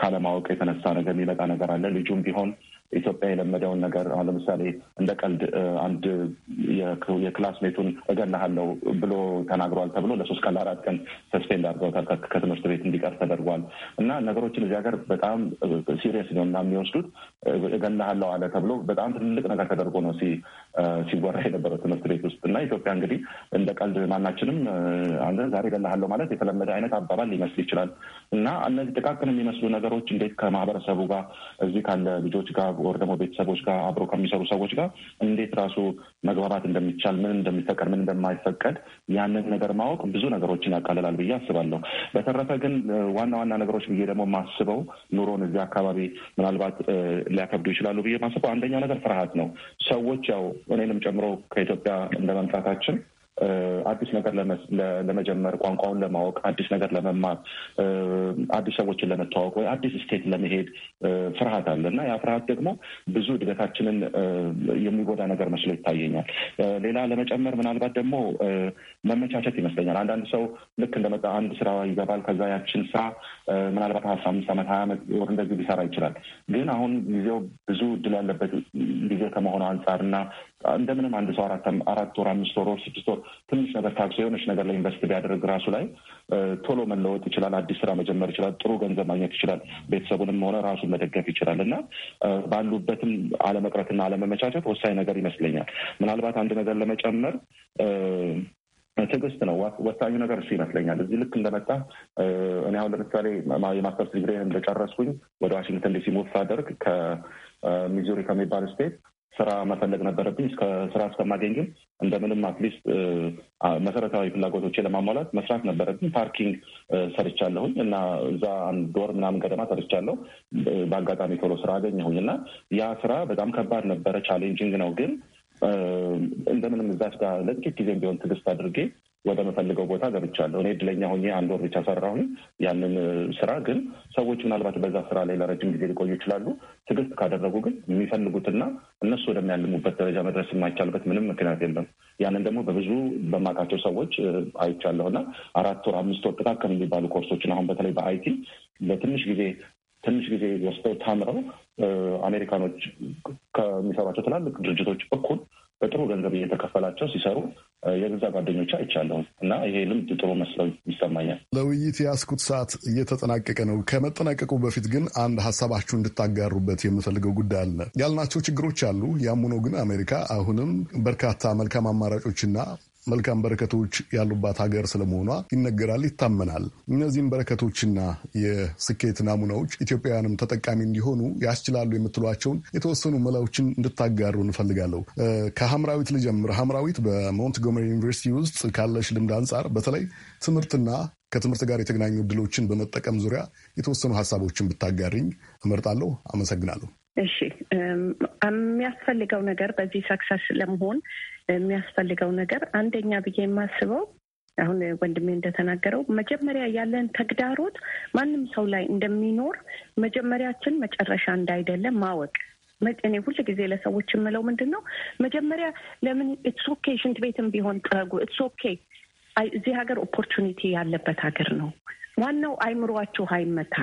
ካለማወቅ የተነሳ ነገር የሚመጣ ነገር አለ። ልጁም ቢሆን ኢትዮጵያ የለመደውን ነገር አሁን ለምሳሌ እንደ ቀልድ አንድ የክላስሜቱን እገናሃለው ብሎ ተናግሯል ተብሎ ለሶስት ቀን ለአራት ቀን ሰስፔንድ አድርገውታል። ከትምህርት ቤት እንዲቀር ተደርጓል እና ነገሮችን እዚህ ሀገር በጣም ሲሪየስ ነው እና የሚወስዱት እገናሃለው አለ ተብሎ በጣም ትልቅ ነገር ተደርጎ ነው ሲወራ የነበረ ትምህርት ቤት ውስጥ እና ኢትዮጵያ እንግዲህ እንደ ቀልድ ማናችንም አንተ ዛሬ ገላሃለሁ ማለት የተለመደ አይነት አባባል ሊመስል ይችላል እና እነዚህ ጥቃቅን የሚመስሉ ነገሮች እንዴት ከማህበረሰቡ ጋር እዚህ ካለ ልጆች ጋር ወር ደግሞ ቤተሰቦች ጋር አብሮ ከሚሰሩ ሰዎች ጋር እንዴት ራሱ መግባባት እንደሚቻል ምን እንደሚፈቀድ ምን እንደማይፈቀድ ያንን ነገር ማወቅ ብዙ ነገሮችን ያቃልላል ብዬ አስባለሁ። በተረፈ ግን ዋና ዋና ነገሮች ብዬ ደግሞ ማስበው ኑሮን እዚህ አካባቢ ምናልባት ሊያከብዱ ይችላሉ ብዬ ማስበው አንደኛው ነገር ፍርሃት ነው። ሰዎች ያው እኔንም ጨምሮ ከኢትዮጵያ እንደ መምጣታችን አዲስ ነገር ለመጀመር፣ ቋንቋውን ለማወቅ፣ አዲስ ነገር ለመማር፣ አዲስ ሰዎችን ለመተዋወቅ ወይ አዲስ ስቴት ለመሄድ ፍርሃት አለ እና ያ ፍርሃት ደግሞ ብዙ እድገታችንን የሚጎዳ ነገር መስሎ ይታየኛል። ሌላ ለመጨመር ምናልባት ደግሞ መመቻቸት ይመስለኛል። አንዳንድ ሰው ልክ እንደመጣ አንድ ስራ ይገባል። ከዛ ያችን ስራ ምናልባት ሀያ አምስት ዓመት ሀያ ዓመት ወር እንደዚህ ሊሰራ ይችላል። ግን አሁን ጊዜው ብዙ እድል ያለበት ጊዜ ከመሆኑ አንጻር እና እንደምንም አንድ ሰው አራት ወር አምስት ወር ስድስት ወር ትንሽ ነገር ታግሶ የሆነች ነገር ላይ ኢንቨስት ቢያደርግ ራሱ ላይ ቶሎ መለወጥ ይችላል። አዲስ ስራ መጀመር ይችላል። ጥሩ ገንዘብ ማግኘት ይችላል። ቤተሰቡንም ሆነ ራሱን መደገፍ ይችላል እና ባሉበትም አለመቅረትና አለመመቻቸት ወሳኝ ነገር ይመስለኛል። ምናልባት አንድ ነገር ለመጨመር ትዕግስት ነው ወሳኙ ነገር እሱ ይመስለኛል። እዚህ ልክ እንደመጣ እኔ አሁን ለምሳሌ የማስተርስ ዲግሪ እንደጨረስኩኝ ወደ ዋሽንግተን ዲሲ ሙቭ ሳደርግ ከሚዙሪ ከሚባል ስቴት ስራ መፈለግ ነበረብኝ። ስራ እስከማገኝ ግን እንደምንም አትሊስት መሰረታዊ ፍላጎቶቼ ለማሟላት መስራት ነበረብኝ። ፓርኪንግ ሰርቻለሁኝ እና እዛ አንድ ወር ምናምን ገደማ ሰርቻለሁ። በአጋጣሚ ቶሎ ስራ አገኘሁኝ እና ያ ስራ በጣም ከባድ ነበረ፣ ቻሌንጂንግ ነው። ግን እንደምንም እዛች ጋር ለጥቂት ጊዜም ቢሆን ትዕግስት አድርጌ ወደ መፈልገው ቦታ ገብቻለሁ። እኔ እድለኛ ሆኜ አንድ ወር ብቻ ሰራሁኝ ያንን ስራ። ግን ሰዎች ምናልባት በዛ ስራ ላይ ለረጅም ጊዜ ሊቆዩ ይችላሉ። ትዕግስት ካደረጉ ግን የሚፈልጉትና እነሱ ወደሚያልሙበት ደረጃ መድረስ የማይቻልበት ምንም ምክንያት የለም። ያንን ደግሞ በብዙ በማውቃቸው ሰዎች አይቻለሁና አራት ወር አምስት ወር ጥቃቅም የሚባሉ ኮርሶችን አሁን በተለይ በአይቲ ለትንሽ ጊዜ ትንሽ ጊዜ ወስደው ታምረው አሜሪካኖች ከሚሰሯቸው ትላልቅ ድርጅቶች እኩል በጥሩ ገንዘብ እየተከፈላቸው ሲሰሩ የገዛ ጓደኞች አይቻለሁ እና ይሄ ልምድ ጥሩ መስለው ይሰማኛል። ለውይይት የያዝኩት ሰዓት እየተጠናቀቀ ነው። ከመጠናቀቁ በፊት ግን አንድ ሀሳባችሁ እንድታጋሩበት የምፈልገው ጉዳይ አለ። ያልናቸው ችግሮች አሉ። ያም ሆኖ ግን አሜሪካ አሁንም በርካታ መልካም አማራጮችና መልካም በረከቶች ያሉባት ሀገር ስለመሆኗ ይነገራል፣ ይታመናል። እነዚህም በረከቶችና የስኬት ናሙናዎች ኢትዮጵያውያንም ተጠቃሚ እንዲሆኑ ያስችላሉ የምትሏቸውን የተወሰኑ መላዎችን እንድታጋሩ እንፈልጋለሁ። ከሐምራዊት ልጀምር። ሐምራዊት በሞንትጎመሪ ዩኒቨርሲቲ ውስጥ ካለሽ ልምድ አንጻር በተለይ ትምህርትና ከትምህርት ጋር የተገናኙ እድሎችን በመጠቀም ዙሪያ የተወሰኑ ሀሳቦችን ብታጋሪኝ እመርጣለሁ። አመሰግናለሁ። እሺ የሚያስፈልገው ነገር በዚህ ሰክሰስ ለመሆን የሚያስፈልገው ነገር አንደኛ ብዬ የማስበው አሁን ወንድሜ እንደተናገረው መጀመሪያ ያለን ተግዳሮት ማንም ሰው ላይ እንደሚኖር መጀመሪያችን መጨረሻ እንዳይደለ ማወቅ። እኔ ሁል ጊዜ ለሰዎች የምለው ምንድን ነው መጀመሪያ ለምን ኢትስ ኦኬ፣ ሽንት ቤትም ቢሆን ጥረጉ። ኢትስ ኦኬ። እዚህ ሀገር ኦፖርቹኒቲ ያለበት ሀገር ነው። ዋናው አይምሯችሁ አይመታ።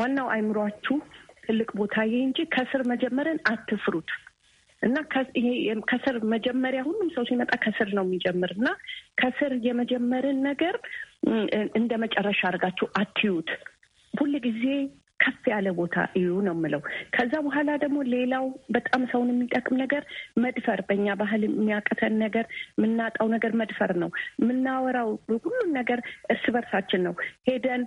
ዋናው አይምሯችሁ ትልቅ ቦታ ይህ እንጂ ከስር መጀመርን አትፍሩት። እና ከስር መጀመሪያ ሁሉም ሰው ሲመጣ ከስር ነው የሚጀምር እና ከስር የመጀመርን ነገር እንደ መጨረሻ አድርጋችሁ አትዩት። ጊዜ ከፍ ያለ ቦታ እዩ ነው የምለው። ከዛ በኋላ ደግሞ ሌላው በጣም ሰውን የሚጠቅም ነገር መድፈር፣ በእኛ ባህል የሚያቅተን ነገር የምናጣው ነገር መድፈር ነው። የምናወራው ሁሉን ነገር እርስ በርሳችን ነው ሄደን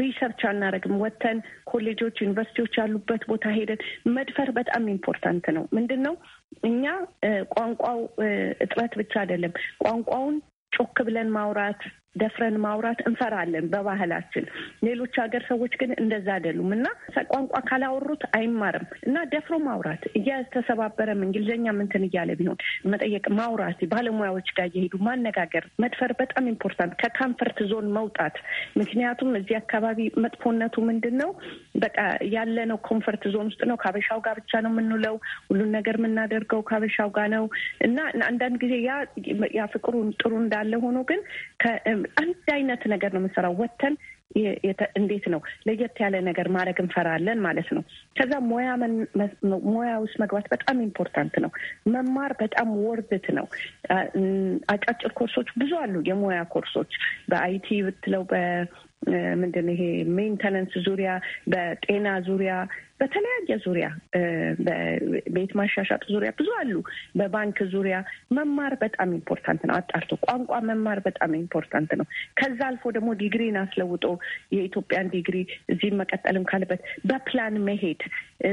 ሪሰርች አናረግም። ወተን ኮሌጆች፣ ዩኒቨርሲቲዎች ያሉበት ቦታ ሄደን መድፈር በጣም ኢምፖርታንት ነው። ምንድን ነው እኛ ቋንቋው እጥረት ብቻ አይደለም ቋንቋውን ጮክ ብለን ማውራት ደፍረን ማውራት እንፈራለን በባህላችን። ሌሎች ሀገር ሰዎች ግን እንደዛ አይደሉም እና ቋንቋ ካላወሩት አይማርም እና ደፍሮ ማውራት እያተሰባበረም እንግሊዝኛ ምንትን እያለ ቢሆን መጠየቅ፣ ማውራት፣ ባለሙያዎች ጋር እየሄዱ ማነጋገር፣ መድፈር በጣም ኢምፖርታንት፣ ከካንፈርት ዞን መውጣት። ምክንያቱም እዚህ አካባቢ መጥፎነቱ ምንድን ነው? በቃ ያለነው ኮምፈርት ዞን ውስጥ ነው። ከበሻው ጋር ብቻ ነው የምንውለው፣ ሁሉን ነገር የምናደርገው ከሀበሻው ጋር ነው እና አንዳንድ ጊዜ ያ ያ ፍቅሩ ጥሩ እንዳለ ሆኖ ግን አንድ አይነት ነገር ነው የምሰራው ወተን እንዴት ነው ለየት ያለ ነገር ማድረግ እንፈራለን ማለት ነው። ከዛ ሙያ ውስጥ መግባት በጣም ኢምፖርታንት ነው። መማር በጣም ወርድት ነው። አጫጭር ኮርሶች ብዙ አሉ፣ የሙያ ኮርሶች በአይቲ ብትለው ምንድን ይሄ ሜንተነንስ ዙሪያ፣ በጤና ዙሪያ፣ በተለያየ ዙሪያ፣ በቤት ማሻሻጥ ዙሪያ ብዙ አሉ። በባንክ ዙሪያ መማር በጣም ኢምፖርታንት ነው። አጣርቶ ቋንቋ መማር በጣም ኢምፖርታንት ነው። ከዛ አልፎ ደግሞ ዲግሪን አስለውጦ የኢትዮጵያን ዲግሪ እዚህም መቀጠልም ካለበት በፕላን መሄድ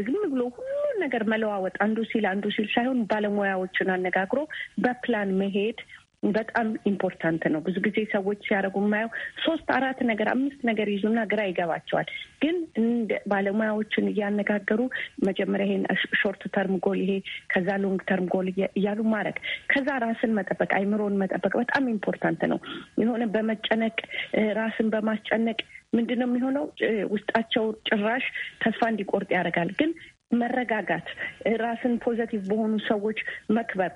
ዝም ብሎ ሁሉን ነገር መለዋወጥ አንዱ ሲል አንዱ ሲል ሳይሆን ባለሙያዎችን አነጋግሮ በፕላን መሄድ በጣም ኢምፖርታንት ነው። ብዙ ጊዜ ሰዎች ሲያደርጉ የማየው ሶስት አራት ነገር አምስት ነገር ይዙና ግራ ይገባቸዋል። ግን እንደ ባለሙያዎችን እያነጋገሩ መጀመሪያ ይሄን ሾርት ተርም ጎል ይሄ ከዛ ሎንግ ተርም ጎል እያሉ ማድረግ ከዛ ራስን መጠበቅ አይምሮን መጠበቅ በጣም ኢምፖርታንት ነው። የሆነ በመጨነቅ ራስን በማስጨነቅ ምንድን ነው የሚሆነው? ውስጣቸው ጭራሽ ተስፋ እንዲቆርጥ ያደርጋል። ግን መረጋጋት፣ ራስን ፖዘቲቭ በሆኑ ሰዎች መክበብ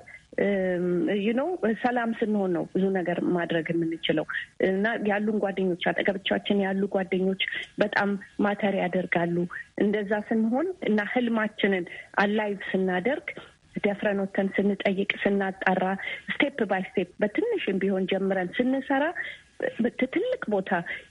ነው ሰላም ስንሆን ነው ብዙ ነገር ማድረግ የምንችለው እና ያሉን ጓደኞች አጠገብቻችን ያሉ ጓደኞች በጣም ማተር ያደርጋሉ። እንደዛ ስንሆን እና ህልማችንን አላይቭ ስናደርግ ደፍረኖተን ስንጠይቅ፣ ስናጣራ፣ ስቴፕ ባይ ስቴፕ በትንሽም ቢሆን ጀምረን ስንሰራ ትልቅ ቦታ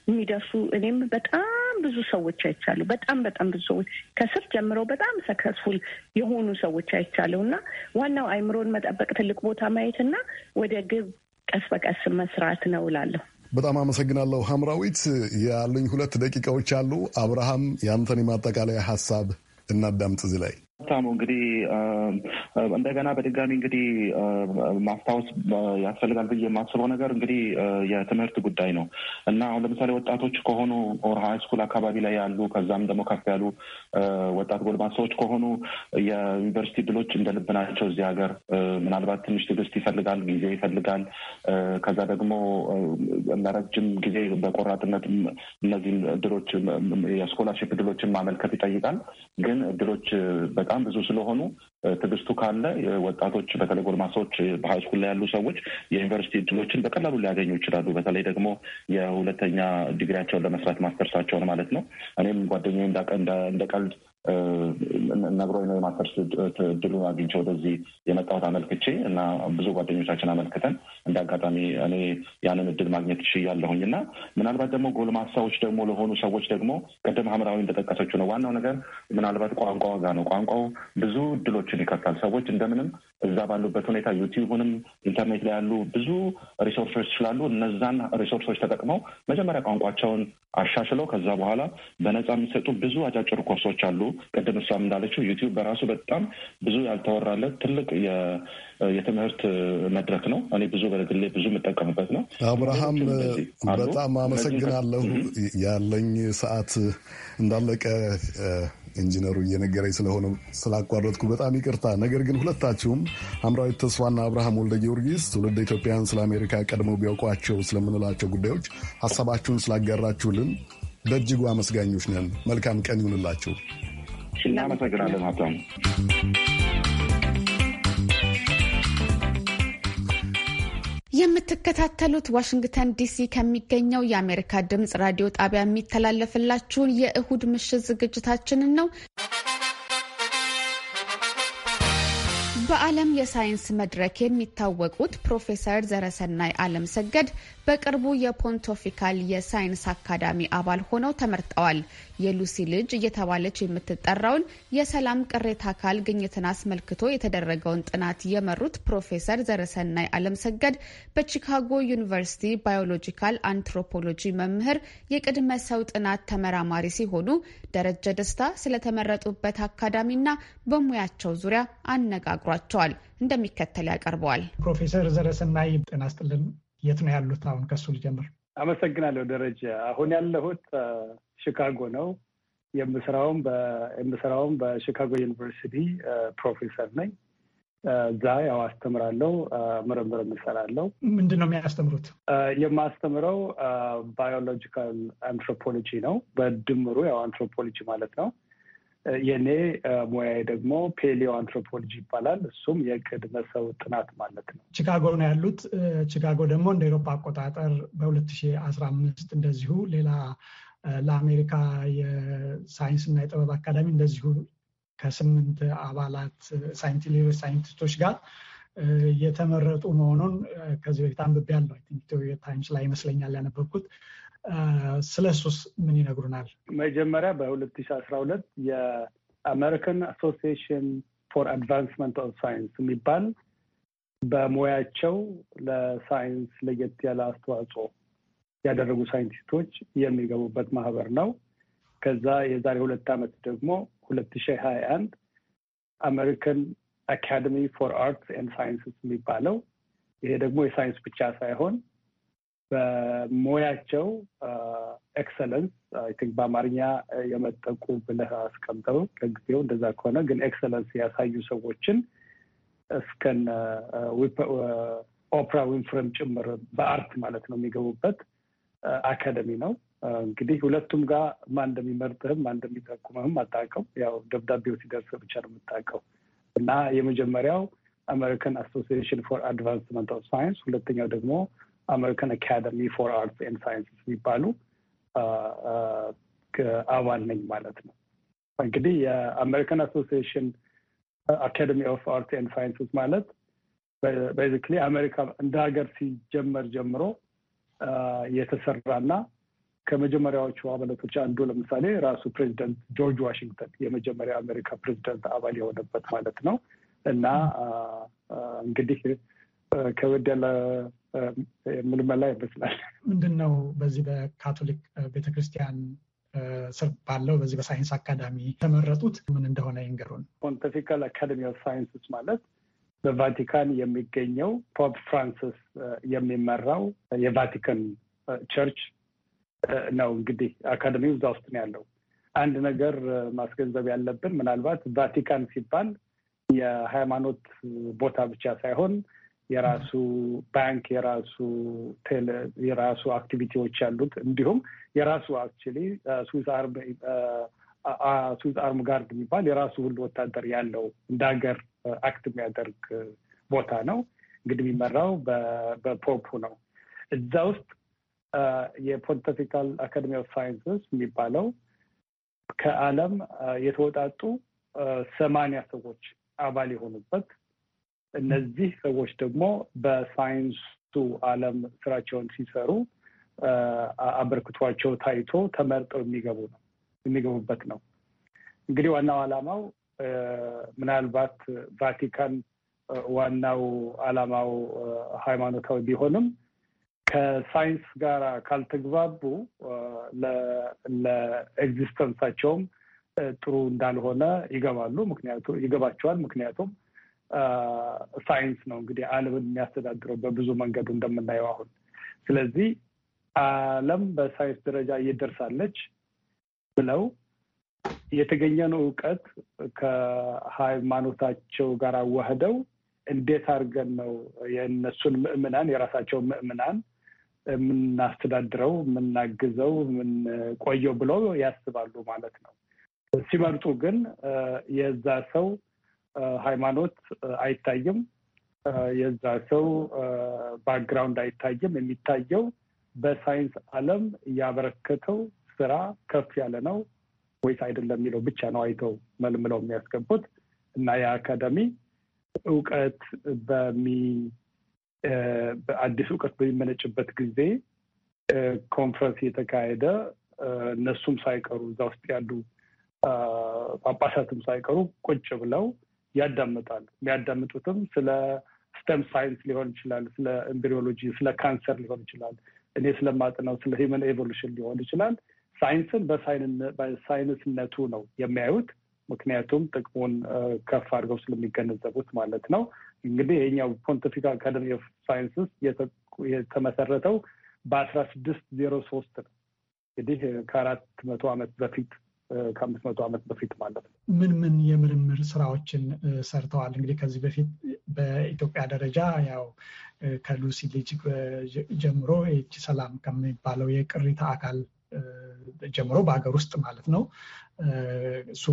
የሚደርሱ እኔም በጣም ብዙ ሰዎች አይቻለሁ። በጣም በጣም ብዙ ሰዎች ከስር ጀምረው በጣም ሰክሰስፉል የሆኑ ሰዎች አይቻለሁ እና ዋናው አይምሮን መጠበቅ ትልቅ ቦታ ማየትና ወደ ግብ ቀስ በቀስ መስራት ነው እላለሁ። በጣም አመሰግናለሁ ሀምራዊት። ያሉኝ ሁለት ደቂቃዎች አሉ። አብርሃም፣ ያንተን የማጠቃለያ ሀሳብ እናዳምጥ እዚህ ላይ ታሙ እንግዲህ እንደገና በድጋሚ እንግዲህ ማስታወስ ያስፈልጋል ብዬ የማስበው ነገር እንግዲህ የትምህርት ጉዳይ ነው እና አሁን ለምሳሌ ወጣቶች ከሆኑ ኦር ሀይ ስኩል አካባቢ ላይ ያሉ ከዛም ደግሞ ከፍ ያሉ ወጣት ጎልማሳዎች ከሆኑ የዩኒቨርሲቲ ድሎች እንደልብናቸው ናቸው። እዚህ ሀገር ምናልባት ትንሽ ትዕግስት ይፈልጋል፣ ጊዜ ይፈልጋል። ከዛ ደግሞ ለረጅም ጊዜ በቆራጥነት እነዚህ ድሎች የስኮላርሽፕ ድሎችን ማመልከት ይጠይቃል። ግን ድሎች በጣም ብዙ ስለሆኑ ትዕግስቱ ካለ ወጣቶች በተለይ ጎልማሶች በሀይስኩል ላይ ያሉ ሰዎች የዩኒቨርሲቲ እድሎችን በቀላሉ ሊያገኙ ይችላሉ። በተለይ ደግሞ የሁለተኛ ዲግሪያቸውን ለመስራት ማስተርሳቸውን ማለት ነው። እኔም ጓደኛ እንደ ቀልድ ነግሮኝ ነው የማስተርስ ድሉ አግኝቼ ወደዚህ የመጣሁት አመልክቼ እና ብዙ ጓደኞቻችን አመልክተን እንደ አጋጣሚ እኔ ያንን እድል ማግኘት ችያለሁኝ እና ምናልባት ደግሞ ጎልማሳዎች ደግሞ ለሆኑ ሰዎች ደግሞ ቅድም ሀምራዊ እንደጠቀሰችው ነው ዋናው ነገር ምናልባት ቋንቋ ዋጋ ነው። ቋንቋው ብዙ እድሎችን ይከፍታል። ሰዎች እንደምንም እዛ ባሉበት ሁኔታ ዩቲዩብንም ኢንተርኔት ላይ ያሉ ብዙ ሪሶርሶች ስላሉ እነዛን ሪሶርሶች ተጠቅመው መጀመሪያ ቋንቋቸውን አሻሽለው ከዛ በኋላ በነፃ የሚሰጡ ብዙ አጫጭር ኮርሶች አሉ። ቅድም እሷም እንዳለችው ዩቲዩብ በራሱ በጣም ብዙ ያልተወራለት ትልቅ የትምህርት መድረክ ነው። እኔ ብዙ በግሌ ብዙ የምጠቀምበት ነው። አብርሃም በጣም አመሰግናለሁ። ያለኝ ሰዓት እንዳለቀ ኢንጂነሩ እየነገረኝ ስለሆነ ስላቋረጥኩ በጣም ይቅርታ። ነገር ግን ሁለታችሁም ሐምራዊት ተስፋና አብርሃም ወልደ ጊዮርጊስ ትውልድ ኢትዮጵያን ስለ አሜሪካ ቀድመው ቢያውቋቸው ስለምንላቸው ጉዳዮች ሀሳባችሁን ስላጋራችሁልን በእጅጉ አመስጋኞች ነን። መልካም ቀን ይሁንላችሁ። እናመሰግናለን ሀብታሙ። የምትከታተሉት ዋሽንግተን ዲሲ ከሚገኘው የአሜሪካ ድምፅ ራዲዮ ጣቢያ የሚተላለፍላችሁን የእሁድ ምሽት ዝግጅታችንን ነው። በዓለም የሳይንስ መድረክ የሚታወቁት ፕሮፌሰር ዘረሰናይ አለም ሰገድ በቅርቡ የፖንቶፊካል የሳይንስ አካዳሚ አባል ሆነው ተመርጠዋል። የሉሲ ልጅ እየተባለች የምትጠራውን የሰላም ቅሬታ አካል ግኝትን አስመልክቶ የተደረገውን ጥናት የመሩት ፕሮፌሰር ዘረሰናይ አለምሰገድ በቺካጎ ዩኒቨርሲቲ ባዮሎጂካል አንትሮፖሎጂ መምህር፣ የቅድመ ሰው ጥናት ተመራማሪ ሲሆኑ ደረጀ ደስታ ስለተመረጡበት አካዳሚና በሙያቸው ዙሪያ አነጋግሯቸዋል። እንደሚከተል ያቀርበዋል። ፕሮፌሰር ዘረሰናይ ጤና ይስጥልን። የት ነው ያሉት? አሁን ከሱ ልጀምር። አመሰግናለሁ ደረጀ። አሁን ያለሁት ሺካጎ ነው። የምሰራውም በሺካጎ ዩኒቨርሲቲ ፕሮፌሰር ነኝ። እዛ ያው አስተምራለሁ፣ ምርምር እንሰራለሁ። ምንድን ነው የሚያስተምሩት? የማስተምረው ባዮሎጂካል አንትሮፖሎጂ ነው። በድምሩ ያው አንትሮፖሎጂ ማለት ነው። የኔ ሙያዬ ደግሞ ፔሊዮ አንትሮፖሎጂ ይባላል። እሱም የቅድመ ሰው ጥናት ማለት ነው። ቺካጎ ነው ያሉት። ቺካጎ ደግሞ እንደ ኤሮፓ አቆጣጠር በ2015 እንደዚሁ ሌላ ለአሜሪካ የሳይንስና የጥበብ አካዳሚ እንደዚሁ ከስምንት አባላት ሳይንቲስቶች ጋር የተመረጡ መሆኑን ከዚህ በፊት አንብቤያለሁ። ኢትዮ ታይምስ ላይ ይመስለኛል ያነበብኩት። ስለ እሱስ ምን ይነግሩናል? መጀመሪያ በ2012 የአሜሪካን አሶሲሽን ፎር አድቫንስመንት ኦፍ ሳይንስ የሚባል በሙያቸው ለሳይንስ ለየት ያለ አስተዋጽኦ ያደረጉ ሳይንቲስቶች የሚገቡበት ማህበር ነው። ከዛ የዛሬ ሁለት ዓመት ደግሞ ሁለት ሺህ ሀያ አንድ አሜሪካን አካደሚ ፎር አርትስ ኤንድ ሳይንስስ የሚባለው ይሄ ደግሞ የሳይንስ ብቻ ሳይሆን በሙያቸው ኤክሰለንስ ቲንክ በአማርኛ የመጠቁ ብለህ አስቀምጠው ለጊዜው እንደዛ ከሆነ ግን ኤክሰለንስ ያሳዩ ሰዎችን እስከን ኦፕራ ዊንፍረም ጭምር በአርት ማለት ነው የሚገቡበት አካደሚ ነው። እንግዲህ ሁለቱም ጋር ማን እንደሚመርጥህም ማን እንደሚጠቁምህም አታውቅም። ያው ደብዳቤው ሲደርስ ብቻ ነው የምታውቀው። እና የመጀመሪያው አሜሪካን አሶሲዬሽን ፎር አድቫንስመንት ኦፍ ሳይንስ፣ ሁለተኛው ደግሞ አሜሪካን አካደሚ ፎር አርትስ ኤንድ ሳይንስስ የሚባሉ አባል ነኝ ማለት ነው። እንግዲህ የአሜሪካን አሶሲዬሽን አካደሚ ኦፍ አርትስ ኤንድ ሳይንስስ ማለት ቤዚካሊ አሜሪካ እንደ ሀገር ሲጀመር ጀምሮ የተሰራና ከመጀመሪያዎቹ አባላቶች አንዱ ለምሳሌ ራሱ ፕሬዚደንት ጆርጅ ዋሽንግተን የመጀመሪያ አሜሪካ ፕሬዚደንት አባል የሆነበት ማለት ነው እና እንግዲህ ከበድ ያለ የምንመላ ይመስላል። ምንድን ነው በዚህ በካቶሊክ ቤተክርስቲያን ስር ባለው በዚህ በሳይንስ አካዳሚ የተመረጡት ምን እንደሆነ ይንገሩን። ፖንቲፊካል አካደሚ ኦፍ ሳይንስስ ማለት በቫቲካን የሚገኘው ፖፕ ፍራንሲስ የሚመራው የቫቲካን ቸርች ነው። እንግዲህ አካደሚው እዛ ውስጥ ነው ያለው። አንድ ነገር ማስገንዘብ ያለብን ምናልባት ቫቲካን ሲባል የሃይማኖት ቦታ ብቻ ሳይሆን የራሱ ባንክ፣ የራሱ የራሱ አክቲቪቲዎች ያሉት እንዲሁም የራሱ አክቹዋሊ ስዊስ አርም ጋርድ የሚባል የራሱ ሁሉ ወታደር ያለው እንደ ሀገር አክት የሚያደርግ ቦታ ነው። እንግዲህ የሚመራው በፖፑ ነው። እዛ ውስጥ የፖለቲካል አካደሚ ኦፍ ሳይንስስ የሚባለው ከዓለም የተወጣጡ ሰማንያ ሰዎች አባል የሆኑበት እነዚህ ሰዎች ደግሞ በሳይንሱ ዓለም ስራቸውን ሲሰሩ አበርክቷቸው ታይቶ ተመርጠው የሚገቡ ነው የሚገቡበት ነው። እንግዲህ ዋናው ዓላማው ምናልባት ቫቲካን ዋናው ዓላማው ሃይማኖታዊ ቢሆንም ከሳይንስ ጋር ካልተግባቡ ለኤግዚስተንሳቸውም ጥሩ እንዳልሆነ ይገባሉ ምክንያቱ ይገባቸዋል ምክንያቱም ሳይንስ ነው እንግዲህ ዓለምን የሚያስተዳድረው በብዙ መንገዱ እንደምናየው አሁን። ስለዚህ ዓለም በሳይንስ ደረጃ እየደርሳለች ብለው የተገኘን እውቀት ከሃይማኖታቸው ጋር ወህደው እንዴት አድርገን ነው የእነሱን ምዕምናን የራሳቸውን ምዕምናን የምናስተዳድረው፣ የምናግዘው፣ የምንቆየው ብለው ያስባሉ ማለት ነው። ሲመርጡ ግን የዛ ሰው ሃይማኖት አይታይም። የዛ ሰው ባክግራውንድ አይታይም። የሚታየው በሳይንስ ዓለም ያበረከተው ስራ ከፍ ያለ ነው ወይስ አይደለም የሚለው ብቻ ነው አይተው መልምለው የሚያስገቡት እና የአካደሚ እውቀት በሚ በአዲስ እውቀት በሚመነጭበት ጊዜ ኮንፈረንስ የተካሄደ እነሱም ሳይቀሩ እዛ ውስጥ ያሉ ጳጳሳትም ሳይቀሩ ቁጭ ብለው ያዳምጣሉ። የሚያዳምጡትም ስለ ስተም ሳይንስ ሊሆን ይችላል፣ ስለ ኤምብሪዮሎጂ፣ ስለ ካንሰር ሊሆን ይችላል፣ እኔ ስለማጥነው ስለ ሂመን ኤቮሉሽን ሊሆን ይችላል። ሳይንስን በሳይንስነቱ ነው የሚያዩት፣ ምክንያቱም ጥቅሙን ከፍ አድርገው ስለሚገነዘቡት ማለት ነው። እንግዲህ ይሄኛው ፖንቲፊክ አካደሚ ኦፍ ሳይንስ ውስጥ የተመሰረተው በአስራ ስድስት ዜሮ ሶስት ነው። እንግዲህ ከአራት መቶ ዓመት በፊት ከአምስት መቶ ዓመት በፊት ማለት ነው። ምን ምን የምርምር ስራዎችን ሰርተዋል? እንግዲህ ከዚህ በፊት በኢትዮጵያ ደረጃ ያው ከሉሲ ልጅ ጀምሮ የእጅ ሰላም ከሚባለው የቅሪተ አካል ጀምሮ በሀገር ውስጥ ማለት ነው እሱ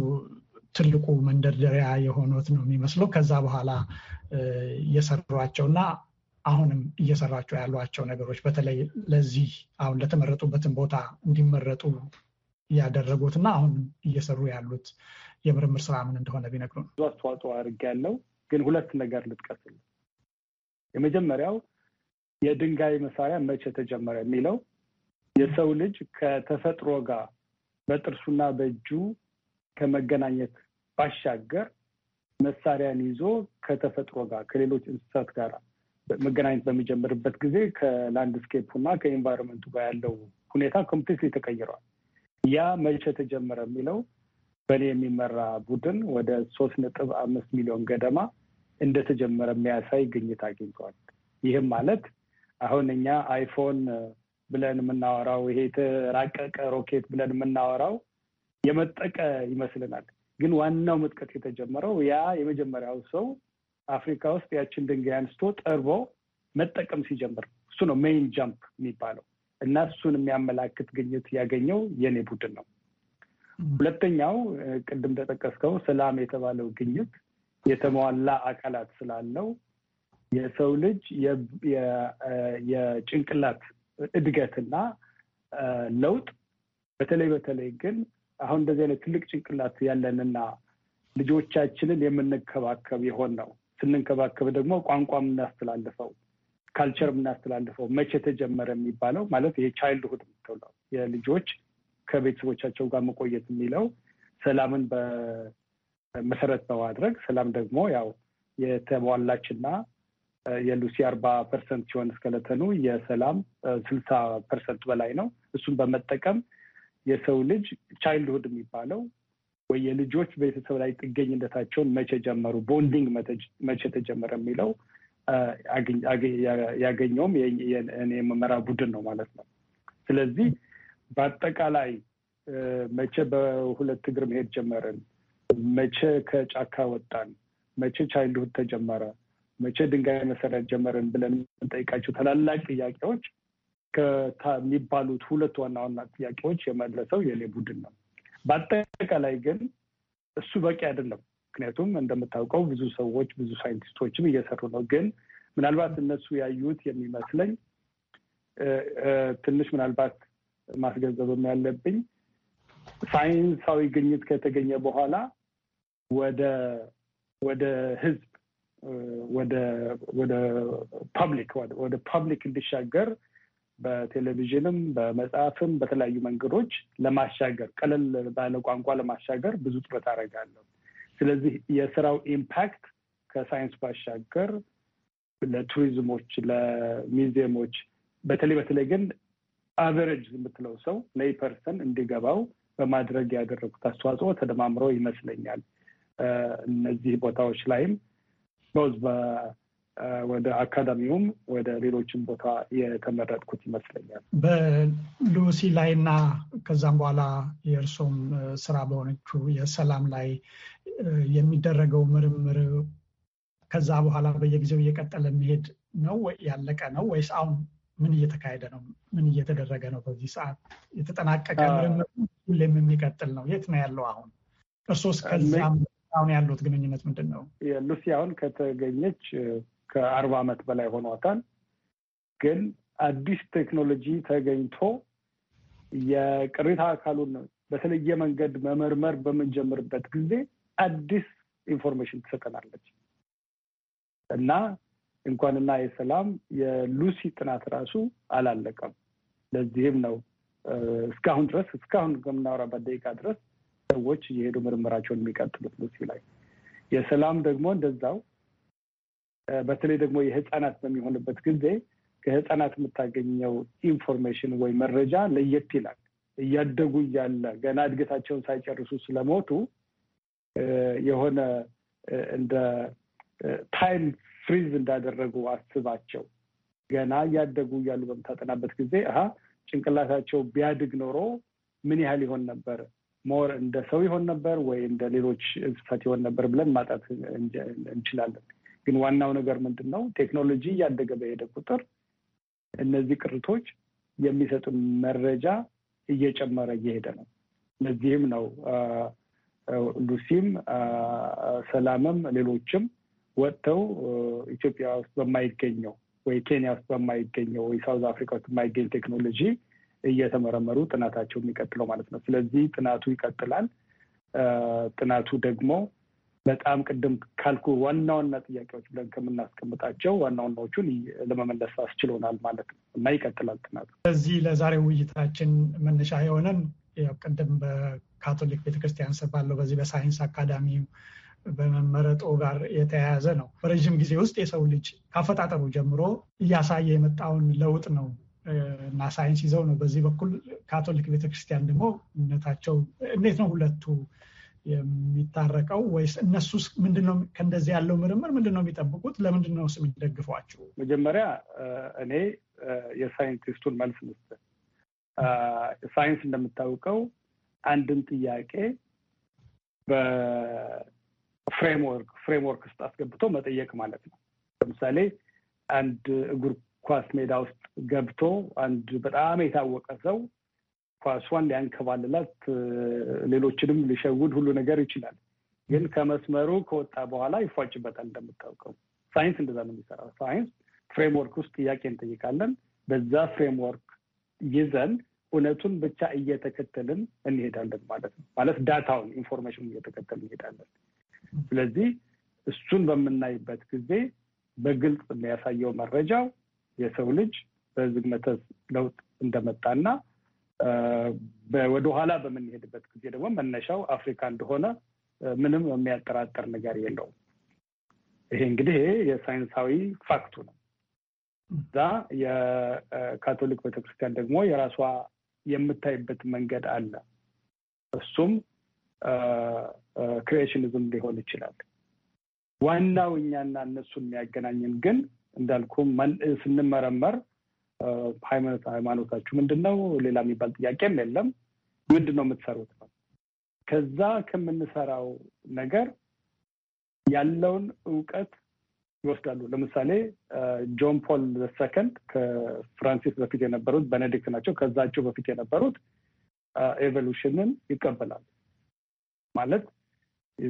ትልቁ መንደርደሪያ የሆኑት ነው የሚመስለው። ከዛ በኋላ እየሰሯቸው እና አሁንም እየሰራቸው ያሏቸው ነገሮች በተለይ ለዚህ አሁን ለተመረጡበትን ቦታ እንዲመረጡ እና አሁን እየሰሩ ያሉት የምርምር ስራ ምን እንደሆነ ቢነግሩን። ብዙ አስተዋጽኦ አድርግ ያለው ግን ሁለት ነገር ልጥቀስል። የመጀመሪያው የድንጋይ መሳሪያ መቼ ተጀመረ የሚለው የሰው ልጅ ከተፈጥሮ ጋር በጥርሱና በእጁ ከመገናኘት ባሻገር መሳሪያን ይዞ ከተፈጥሮ ጋር ከሌሎች እንስሳት ጋር መገናኘት በሚጀምርበት ጊዜ ከላንድስኬፑ እና ከኤንቫይሮንመንቱ ጋር ያለው ሁኔታ ኮምፕሊትሊ ተቀይረዋል። ያ መቼ ተጀመረ የሚለው በእኔ የሚመራ ቡድን ወደ ሶስት ነጥብ አምስት ሚሊዮን ገደማ እንደተጀመረ የሚያሳይ ግኝት አግኝተዋል። ይህም ማለት አሁን እኛ አይፎን ብለን የምናወራው ይሄ የተራቀቀ ሮኬት ብለን የምናወራው የመጠቀ ይመስልናል። ግን ዋናው መጥቀት የተጀመረው ያ የመጀመሪያው ሰው አፍሪካ ውስጥ ያችን ድንጋይ አንስቶ ጠርቦ መጠቀም ሲጀምር እሱ ነው ሜይን ጃምፕ የሚባለው። እና እሱን የሚያመላክት ግኝት ያገኘው የኔ ቡድን ነው። ሁለተኛው ቅድም ተጠቀስከው ሰላም የተባለው ግኝት የተሟላ አካላት ስላለው የሰው ልጅ የጭንቅላት እድገትና ለውጥ በተለይ በተለይ ግን አሁን እንደዚህ አይነት ትልቅ ጭንቅላት ያለንና ልጆቻችንን የምንከባከብ የሆን ነው። ስንንከባከብ ደግሞ ቋንቋ የምናስተላልፈው ካልቸር የምናስተላልፈው መቼ ተጀመረ የሚባለው ማለት ይሄ ቻይልድ ሁድ የምትውለው የልጆች ከቤተሰቦቻቸው ጋር መቆየት የሚለው ሰላምን በመሰረት በማድረግ ሰላም ደግሞ ያው የተሟላችና የሉሲ አርባ ፐርሰንት ሲሆን እስከለተኑ የሰላም ስልሳ ፐርሰንት በላይ ነው። እሱን በመጠቀም የሰው ልጅ ቻይልድ ሁድ የሚባለው ወይ የልጆች ቤተሰብ ላይ ጥገኝነታቸውን መቼ ጀመሩ፣ ቦንዲንግ መቼ ተጀመረ የሚለው ያገኘውም እኔ መመራ ቡድን ነው ማለት ነው። ስለዚህ በአጠቃላይ መቼ በሁለት እግር መሄድ ጀመርን፣ መቼ ከጫካ ወጣን፣ መቼ ቻይልድሁድ ተጀመረ፣ መቼ ድንጋይ መሰረት ጀመርን ብለን የምንጠይቃቸው ታላላቅ ጥያቄዎች ከሚባሉት ሁለት ዋና ዋና ጥያቄዎች የመለሰው የእኔ ቡድን ነው። በአጠቃላይ ግን እሱ በቂ አይደለም። ምክንያቱም እንደምታውቀው ብዙ ሰዎች ብዙ ሳይንቲስቶችም እየሰሩ ነው። ግን ምናልባት እነሱ ያዩት የሚመስለኝ ትንሽ ምናልባት ማስገንዘብም ያለብኝ ሳይንሳዊ ግኝት ከተገኘ በኋላ ወደ ወደ ህዝብ ወደ ወደ ፐብሊክ ወደ ፐብሊክ እንዲሻገር በቴሌቪዥንም በመጽሐፍም በተለያዩ መንገዶች ለማሻገር ቀለል ባለ ቋንቋ ለማሻገር ብዙ ጥረት አደርጋለሁ። ስለዚህ የስራው ኢምፓክት ከሳይንስ ባሻገር ለቱሪዝሞች፣ ለሚዚየሞች በተለይ በተለይ ግን አቨሬጅ የምትለው ሰው ለይ ፐርሰን እንዲገባው በማድረግ ያደረጉት አስተዋጽኦ ተደማምሮ ይመስለኛል እነዚህ ቦታዎች ላይም በውዝ ወደ አካዳሚውም ወደ ሌሎችም ቦታ የተመረጥኩት ይመስለኛል። በሉሲ ላይ እና ከዛም በኋላ የእርሶም ስራ በሆነችው የሰላም ላይ የሚደረገው ምርምር ከዛ በኋላ በየጊዜው እየቀጠለ የሚሄድ ነው ያለቀ ነው ወይስ አሁን ምን እየተካሄደ ነው? ምን እየተደረገ ነው? በዚህ ሰዓት የተጠናቀቀ ምርምር ሁሌም የሚቀጥል ነው? የት ነው ያለው አሁን? እርሶስ ከዚያም አሁን ያሉት ግንኙነት ምንድን ነው? ሉሲ አሁን ከተገኘች ከአርባ ዓመት በላይ ሆኗታል። ግን አዲስ ቴክኖሎጂ ተገኝቶ የቅሪታ አካሉን በተለየ መንገድ መመርመር በምንጀምርበት ጊዜ አዲስ ኢንፎርሜሽን ትሰጠናለች እና እንኳንና የሰላም የሉሲ ጥናት ራሱ አላለቀም። ለዚህም ነው እስካሁን ድረስ እስካሁን ከምናወራበት ደቂቃ ድረስ ሰዎች እየሄዱ ምርምራቸውን የሚቀጥሉት ሉሲ ላይ። የሰላም ደግሞ እንደዛው በተለይ ደግሞ የህፃናት በሚሆንበት ጊዜ ከህፃናት የምታገኘው ኢንፎርሜሽን ወይ መረጃ ለየት ይላል። እያደጉ እያለ ገና እድገታቸውን ሳይጨርሱ ስለሞቱ የሆነ እንደ ታይም ፍሪዝ እንዳደረጉ አስባቸው። ገና እያደጉ እያሉ በምታጠናበት ጊዜ አ ጭንቅላታቸው ቢያድግ ኖሮ ምን ያህል ይሆን ነበር ሞር እንደ ሰው ይሆን ነበር ወይ እንደ ሌሎች እንስሳት ይሆን ነበር ብለን ማጣት እንችላለን። ግን ዋናው ነገር ምንድን ነው? ቴክኖሎጂ እያደገ በሄደ ቁጥር እነዚህ ቅርቶች የሚሰጡን መረጃ እየጨመረ እየሄደ ነው። ለዚህም ነው ሉሲም፣ ሰላምም ሌሎችም ወጥተው ኢትዮጵያ ውስጥ በማይገኘው ወይ ኬንያ ውስጥ በማይገኘው ወይ ሳውዝ አፍሪካ ውስጥ በማይገኝ ቴክኖሎጂ እየተመረመሩ ጥናታቸው የሚቀጥለው ማለት ነው። ስለዚህ ጥናቱ ይቀጥላል። ጥናቱ ደግሞ በጣም ቅድም ካልኩ ዋና ዋና ጥያቄዎች ብለን ከምናስቀምጣቸው ዋና ዋናዎቹን ለመመለስ አስችሎናል ማለት ነው እና ይቀጥላል ጥናቱ። ስለዚህ ለዛሬው ውይይታችን መነሻ የሆነን ያው ቅድም በካቶሊክ ቤተክርስቲያን ስር ባለው በዚህ በሳይንስ አካዳሚ በመመረጦ ጋር የተያያዘ ነው። በረዥም ጊዜ ውስጥ የሰው ልጅ ካፈጣጠሩ ጀምሮ እያሳየ የመጣውን ለውጥ ነው እና ሳይንስ ይዘው ነው። በዚህ በኩል ካቶሊክ ቤተክርስቲያን ደግሞ እምነታቸው እንዴት ነው ሁለቱ የሚታረቀው ወይስ እነሱ ምንድነው? ከእንደዚህ ያለው ምርምር ምንድነው የሚጠብቁት? ለምንድነው ስ የሚደግፏቸው? መጀመሪያ እኔ የሳይንቲስቱን መልስ ምስል ሳይንስ እንደምታውቀው አንድን ጥያቄ በፍሬምወርክ ፍሬምወርክ ውስጥ አስገብቶ መጠየቅ ማለት ነው። ለምሳሌ አንድ እግር ኳስ ሜዳ ውስጥ ገብቶ አንድ በጣም የታወቀ ሰው ኳሷን ሊያንከባልላት፣ ሌሎችንም ሊሸውድ ሁሉ ነገር ይችላል። ግን ከመስመሩ ከወጣ በኋላ ይፏጭበታል። እንደምታውቀው ሳይንስ እንደዛ ነው የሚሰራው። ሳይንስ ፍሬምወርክ ውስጥ ጥያቄ እንጠይቃለን። በዛ ፍሬምወርክ ይዘን እውነቱን ብቻ እየተከተልን እንሄዳለን ማለት ነው። ማለት ዳታውን ኢንፎርሜሽን እየተከተልን እንሄዳለን። ስለዚህ እሱን በምናይበት ጊዜ በግልጽ የሚያሳየው መረጃው የሰው ልጅ በዝግመተ ለውጥ እንደመጣና ወደኋላ በምንሄድበት ጊዜ ደግሞ መነሻው አፍሪካ እንደሆነ ምንም የሚያጠራጠር ነገር የለውም። ይሄ እንግዲህ የሳይንሳዊ ፋክቱ ነው። እዛ የካቶሊክ ቤተክርስቲያን ደግሞ የራሷ የምታይበት መንገድ አለ። እሱም ክሪኤሽኒዝም ሊሆን ይችላል። ዋናው እኛና እነሱን የሚያገናኝን ግን እንዳልኩም ስንመረመር ሃይማኖታችሁ ምንድን ነው? ሌላ የሚባል ጥያቄም የለም። ምንድን ነው የምትሰሩት ነው። ከዛ ከምንሰራው ነገር ያለውን እውቀት ይወስዳሉ። ለምሳሌ ጆን ፖል ሰከንድ ከፍራንሲስ በፊት የነበሩት በነዲክት ናቸው። ከዛቸው በፊት የነበሩት ኤቮሉሽንን ይቀበላል ማለት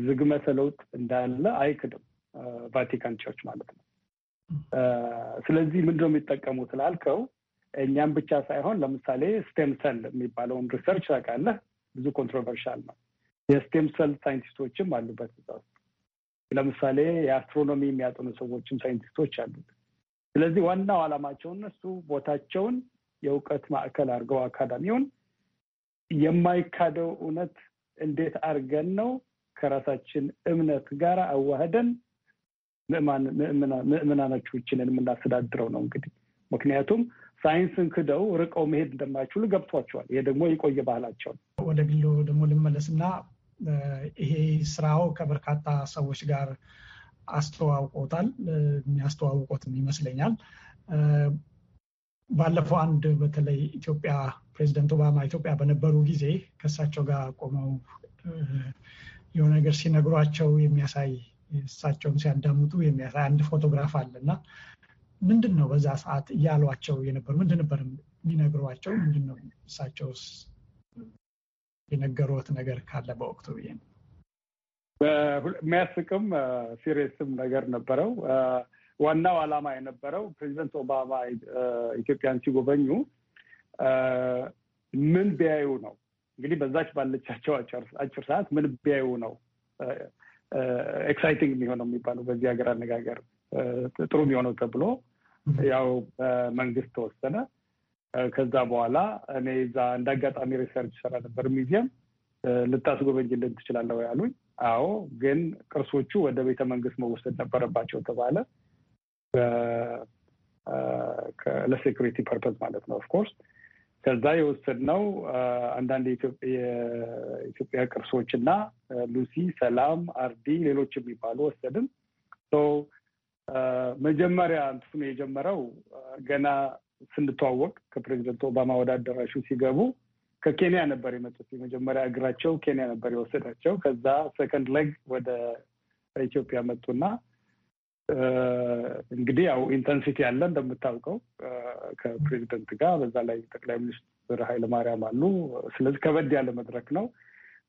ዝግመተ ለውጥ እንዳለ አይክድም ቫቲካን ቸርች ማለት ነው። ስለዚህ ነው የሚጠቀሙት ላልከው እኛም ብቻ ሳይሆን ለምሳሌ ስቴም ሰል የሚባለውን ሪሰርች ታውቃለህ፣ ብዙ ኮንትሮቨርሻል ነው። የስቴም ሰል ሳይንቲስቶችም አሉበት እዛ ውስጥ። ለምሳሌ የአስትሮኖሚ የሚያጠኑ ሰዎችም ሳይንቲስቶች አሉት። ስለዚህ ዋናው ዓላማቸው እነሱ ቦታቸውን የእውቀት ማዕከል አድርገው አካዳሚውን የማይካደው እውነት እንዴት አድርገን ነው ከራሳችን እምነት ጋር አዋህደን ምዕመናኖች ውችንን የምናስተዳድረው ነው እንግዲህ ምክንያቱም ሳይንስን ክደው ርቀው መሄድ እንደማይችሉ ገብቷቸዋል። ይሄ ደግሞ የቆየ ባህላቸው ነው። ወደ ግሉ ደግሞ ልመለስና ይሄ ስራው ከበርካታ ሰዎች ጋር አስተዋውቆታል የሚያስተዋውቆትም ይመስለኛል። ባለፈው አንድ በተለይ ኢትዮጵያ ፕሬዚደንት ኦባማ ኢትዮጵያ በነበሩ ጊዜ ከእሳቸው ጋር ቆመው የሆነ ነገር ሲነግሯቸው የሚያሳይ እሳቸውም ሲያዳምጡ የሚያሳይ አንድ ፎቶግራፍ እና ምንድን ነው በዛ ሰዓት እያሏቸው የነበር ምንድን ነበር የሚነግሯቸው? ምንድን ነው እሳቸው የነገሩት ነገር ካለ በወቅቱ ብዬ ነው። የሚያስቅም ሲሪየስም ነገር ነበረው። ዋናው ዓላማ የነበረው ፕሬዚደንት ኦባማ ኢትዮጵያን ሲጎበኙ ምን ቢያዩ ነው እንግዲህ በዛች ባለቻቸው አጭር ሰዓት ምን ቢያዩ ነው ኤክሳይቲንግ የሚሆነው የሚባለው በዚህ ሀገር አነጋገር ጥሩ የሚሆነው ተብሎ ያው በመንግስት ተወሰነ። ከዛ በኋላ እኔ እዛ እንደ አጋጣሚ ሪሰርች ሰራ ነበር። ሚዚየም ልታስጎበኝልን ትችላለህ ወይ አሉኝ። አዎ፣ ግን ቅርሶቹ ወደ ቤተ መንግስት መወሰድ ነበረባቸው ተባለ። ለሴኩሪቲ ፐርፐዝ ማለት ነው ኦፍኮርስ ከዛ የወሰድነው አንዳንድ የኢትዮጵያ ቅርሶች እና ሉሲ፣ ሰላም፣ አርዲ ሌሎች የሚባሉ ወሰድን። መጀመሪያ እንትኑ የጀመረው ገና ስንተዋወቅ ከፕሬዚደንት ኦባማ ወደ አዳራሹ ሲገቡ ከኬንያ ነበር የመጡት። የመጀመሪያ እግራቸው ኬንያ ነበር የወሰዳቸው። ከዛ ሰከንድ ለግ ወደ ኢትዮጵያ መጡና እንግዲህ ያው ኢንተንሲቲ ያለ እንደምታውቀው ከፕሬዚደንት ጋር በዛ ላይ ጠቅላይ ሚኒስትር ማርያም አሉ። ስለዚህ ከበድ ያለ መድረክ ነው።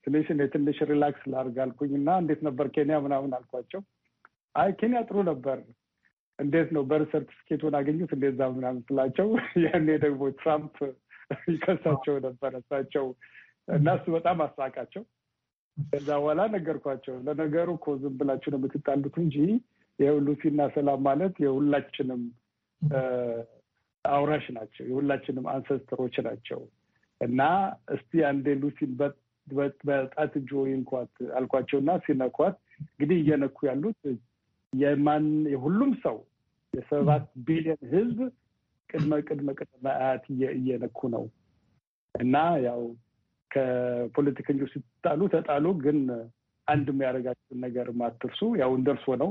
ትንሽ እኔ ትንሽ ሪላክስ ላድርግ አልኩኝ እና እንዴት ነበር ኬንያ ምናምን አልኳቸው። አይ ኬንያ ጥሩ ነበር። እንዴት ነው በር ሰርቲፊኬቱን አገኙት? እንዴት ዛ ምናምን ስላቸው ያኔ ደግሞ ትራምፕ ይከሳቸው ነበር እሳቸው እና እሱ በጣም አሳቃቸው። ከዛ በኋላ ነገርኳቸው። ለነገሩ እኮ ዝም ብላችሁ ነው የምትጣሉት እንጂ የሉሲና ሰላም ማለት የሁላችንም አውራሽ ናቸው፣ የሁላችንም አንሰስተሮች ናቸው እና እስቲ አንዴ ሉሲን በጣት እጅ አልኳቸው አልኳቸውና ሲነኳት እንግዲህ እየነኩ ያሉት የማን የሁሉም ሰው የሰባት ቢሊዮን ህዝብ ቅድመ ቅድመ ቅድመ አያት እየነኩ ነው እና ያው ከፖለቲከኞች ሲጣሉ ተጣሉ፣ ግን አንድ የሚያደርጋችሁን ነገር ማትርሱ። ያው እንደርሶ ነው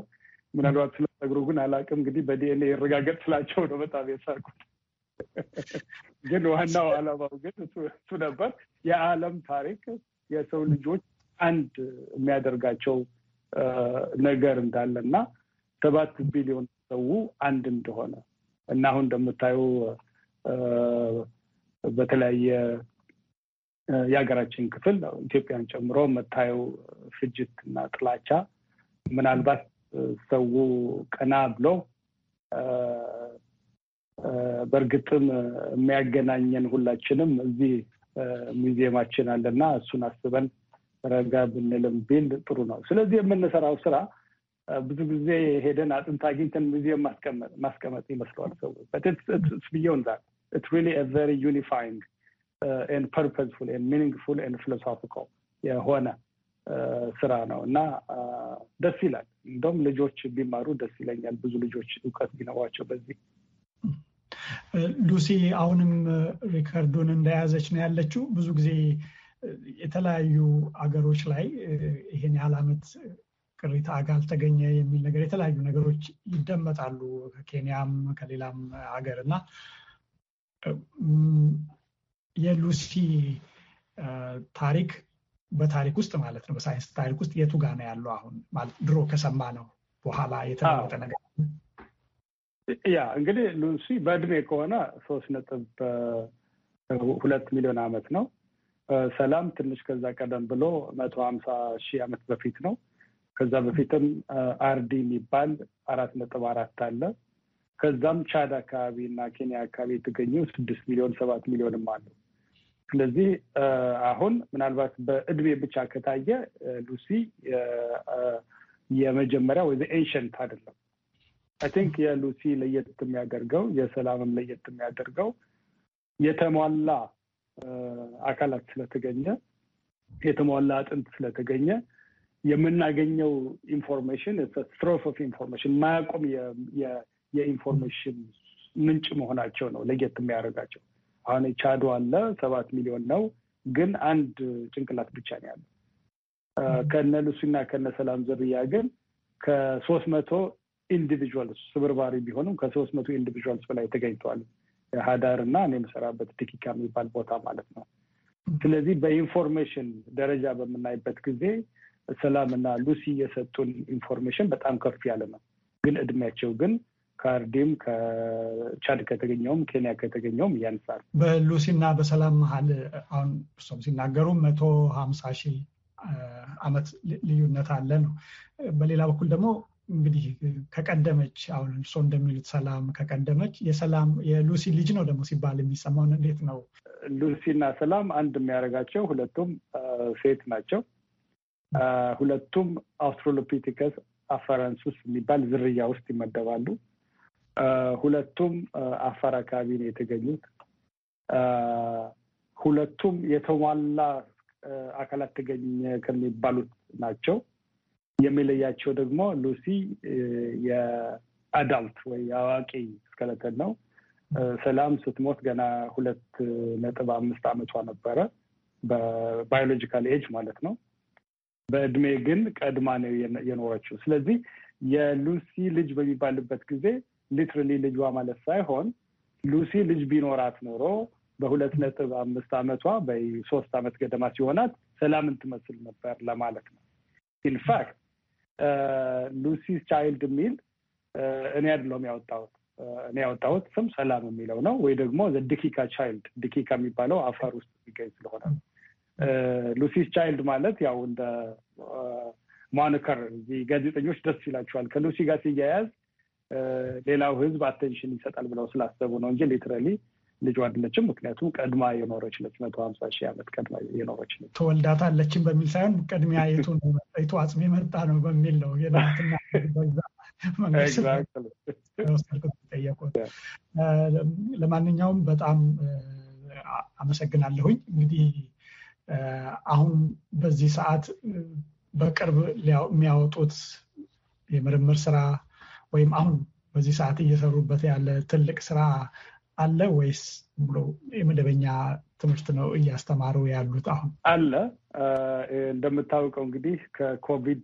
ምናልባት ስለ ጸጉሩ ግን አላውቅም። እንግዲህ በዲኤንኤ ይረጋገጥ ስላቸው ነው በጣም የሳቁት። ግን ዋናው አላማው ግን እሱ ነበር። የዓለም ታሪክ የሰው ልጆች አንድ የሚያደርጋቸው ነገር እንዳለ እና ሰባት ቢሊዮን ሰው አንድ እንደሆነ እና አሁን እንደምታዩ በተለያየ የሀገራችን ክፍል ኢትዮጵያን ጨምሮ መታየው ፍጅት እና ጥላቻ ምናልባት ሰው ቀና ብሎ በእርግጥም የሚያገናኘን ሁላችንም እዚህ ሙዚየማችን አለና እሱን አስበን ረጋ ብንልም ቢል ጥሩ ነው። ስለዚህ የምንሰራው ስራ ብዙ ጊዜ ሄደን አጥንት አግኝተን ሙዚየም ማስቀመጥ ይመስለዋል ሰዎች ብየውን ዛት ሪሊ ቨሪ ዩኒፋይንግ ኤንድ ፐርፐስፉል ሚኒንግፉል ፊሎሶፊካል የሆነ ስራ ነው እና ደስ ይላል። እንደውም ልጆች ቢማሩ ደስ ይለኛል። ብዙ ልጆች እውቀት ቢኖራቸው በዚህ ሉሲ አሁንም ሪከርዱን እንደያዘች ነው ያለችው። ብዙ ጊዜ የተለያዩ አገሮች ላይ ይሄን ያህል ዓመት ቅሪተ አካል ተገኘ የሚል ነገር የተለያዩ ነገሮች ይደመጣሉ። ከኬንያም ከሌላም ሀገር እና የሉሲ ታሪክ በታሪክ ውስጥ ማለት ነው በሳይንስ ታሪክ ውስጥ የቱ ጋ ነው ያለው አሁን ማለት ድሮ ከሰማ ነው በኋላ የተለወጠ ነገር ያ እንግዲህ ሉሲ በእድሜ ከሆነ ሶስት ነጥብ ሁለት ሚሊዮን ዓመት ነው። ሰላም ትንሽ ከዛ ቀደም ብሎ መቶ ሀምሳ ሺህ ዓመት በፊት ነው። ከዛ በፊትም አርዲ የሚባል አራት ነጥብ አራት አለ። ከዛም ቻድ አካባቢ እና ኬንያ አካባቢ የተገኙ ስድስት ሚሊዮን ሰባት ሚሊዮንም አሉ። ስለዚህ አሁን ምናልባት በእድሜ ብቻ ከታየ ሉሲ የመጀመሪያ ወይ ኤንሸንት አይደለም። አይ ቲንክ የሉሲ ለየት የሚያደርገው የሰላምም ለየት የሚያደርገው የተሟላ አካላት ስለተገኘ የተሟላ አጥንት ስለተገኘ የምናገኘው ኢንፎርሜሽን ስትሮፍ ኦፍ ኢንፎርሜሽን ማያቆም የኢንፎርሜሽን ምንጭ መሆናቸው ነው ለየት የሚያደርጋቸው። አሁን ቻዶ አለ ሰባት ሚሊዮን ነው፣ ግን አንድ ጭንቅላት ብቻ ነው ያለው። ከነ ሉሲና ከነ ሰላም ዝርያ ግን ከሶስት መቶ ኢንዲቪዥዋልስ ስብርባሪ ቢሆንም ከሶስት መቶ ኢንዲቪዥዋልስ በላይ ተገኝተዋል። ሀዳር እና እኔ የምሰራበት ቲኪካ የሚባል ቦታ ማለት ነው። ስለዚህ በኢንፎርሜሽን ደረጃ በምናይበት ጊዜ ሰላም እና ሉሲ የሰጡን ኢንፎርሜሽን በጣም ከፍ ያለ ነው። ግን እድሜያቸው ግን ከአርዲም ከቻድ ከተገኘውም ኬንያ ከተገኘውም ያንሳል። በሉሲና በሰላም መሀል አሁን እርሶም ሲናገሩ መቶ ሀምሳ ሺህ አመት ልዩነት አለ ነው። በሌላ በኩል ደግሞ እንግዲህ ከቀደመች አሁን እርሶ እንደሚሉት ሰላም ከቀደመች የሰላም የሉሲ ልጅ ነው ደግሞ ሲባል የሚሰማውን እንዴት ነው? ሉሲና ሰላም አንድ የሚያደርጋቸው ሁለቱም ሴት ናቸው። ሁለቱም አውስትራሎፒቴከስ አፈረንሱስ የሚባል ዝርያ ውስጥ ይመደባሉ። ሁለቱም አፋር አካባቢ ነው የተገኙት። ሁለቱም የተሟላ አካላት ተገኘ ከሚባሉት ናቸው። የሚለያቸው ደግሞ ሉሲ የአዳልት ወይ አዋቂ እስከለተን ነው። ሰላም ስትሞት ገና ሁለት ነጥብ አምስት ዓመቷ ነበረ በባዮሎጂካል ኤጅ ማለት ነው። በእድሜ ግን ቀድማ ነው የኖረችው። ስለዚህ የሉሲ ልጅ በሚባልበት ጊዜ ሊትራሊ ልጇ ማለት ሳይሆን ሉሲ ልጅ ቢኖራት ኖሮ በሁለት ነጥብ አምስት ዓመቷ በሶስት ዓመት ገደማ ሲሆናት ሰላምን ትመስል ነበር ለማለት ነው። ኢንፋክት ሉሲ ቻይልድ የሚል እኔ አይደለሁም ያወጣሁት። እኔ ያወጣሁት ስም ሰላም የሚለው ነው ወይ ደግሞ ዘድኪካ ቻይልድ ድኪካ የሚባለው አፋር ውስጥ የሚገኝ ስለሆነ ሉሲስ ቻይልድ ማለት ያው እንደ ሞኒከር እዚህ ጋዜጠኞች ደስ ይላቸዋል ከሉሲ ጋር ሲያያዝ ሌላው ህዝብ አቴንሽን ይሰጣል ብለው ስላሰቡ ነው እንጂ ሊትራሊ ልጇ አይደለችም። ምክንያቱም ቀድማ የኖረች ነች። መቶ ሀምሳ ሺህ ዓመት ቀድማ የኖረች ነች። ተወልዳት አለችም በሚል ሳይሆን ቅድሚያ የቱ ነው መጣይቱ አጽሜ መጣ ነው በሚል ነው የናትና በዛ ለማንኛውም በጣም አመሰግናለሁኝ። እንግዲህ አሁን በዚህ ሰዓት በቅርብ የሚያወጡት የምርምር ስራ ወይም አሁን በዚህ ሰዓት እየሰሩበት ያለ ትልቅ ስራ አለ ወይስ ብሎ የመደበኛ ትምህርት ነው እያስተማሩ ያሉት? አሁን አለ። እንደምታውቀው እንግዲህ ከኮቪድ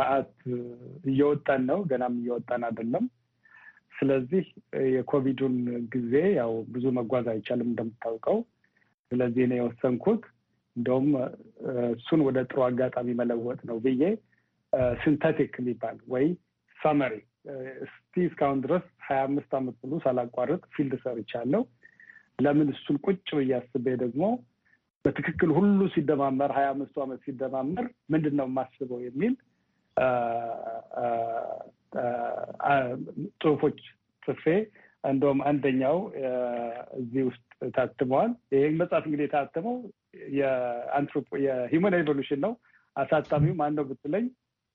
ማዕት እየወጣን ነው፣ ገናም እየወጣን አይደለም። ስለዚህ የኮቪዱን ጊዜ ያው ብዙ መጓዝ አይቻልም እንደምታውቀው። ስለዚህ ነው የወሰንኩት እንደውም እሱን ወደ ጥሩ አጋጣሚ መለወጥ ነው ብዬ ሲንተቲክ የሚባል ወይ ሰመሪ እስቲ እስካሁን ድረስ ሀያ አምስት ዓመት ብሎ ሳላቋርጥ ፊልድ ሰርቻለሁ። ለምን እሱን ቁጭ ብዬ አስቤ ደግሞ በትክክል ሁሉ ሲደማመር ሀያ አምስቱ ዓመት ሲደማመር ምንድን ነው የማስበው የሚል ጽሁፎች ጽፌ እንደውም አንደኛው እዚህ ውስጥ ታትመዋል። ይህ መጽሐፍ እንግዲህ የታተመው የሂማን ኤቮሉሽን ነው። አሳታሚው ማን ነው ብትለኝ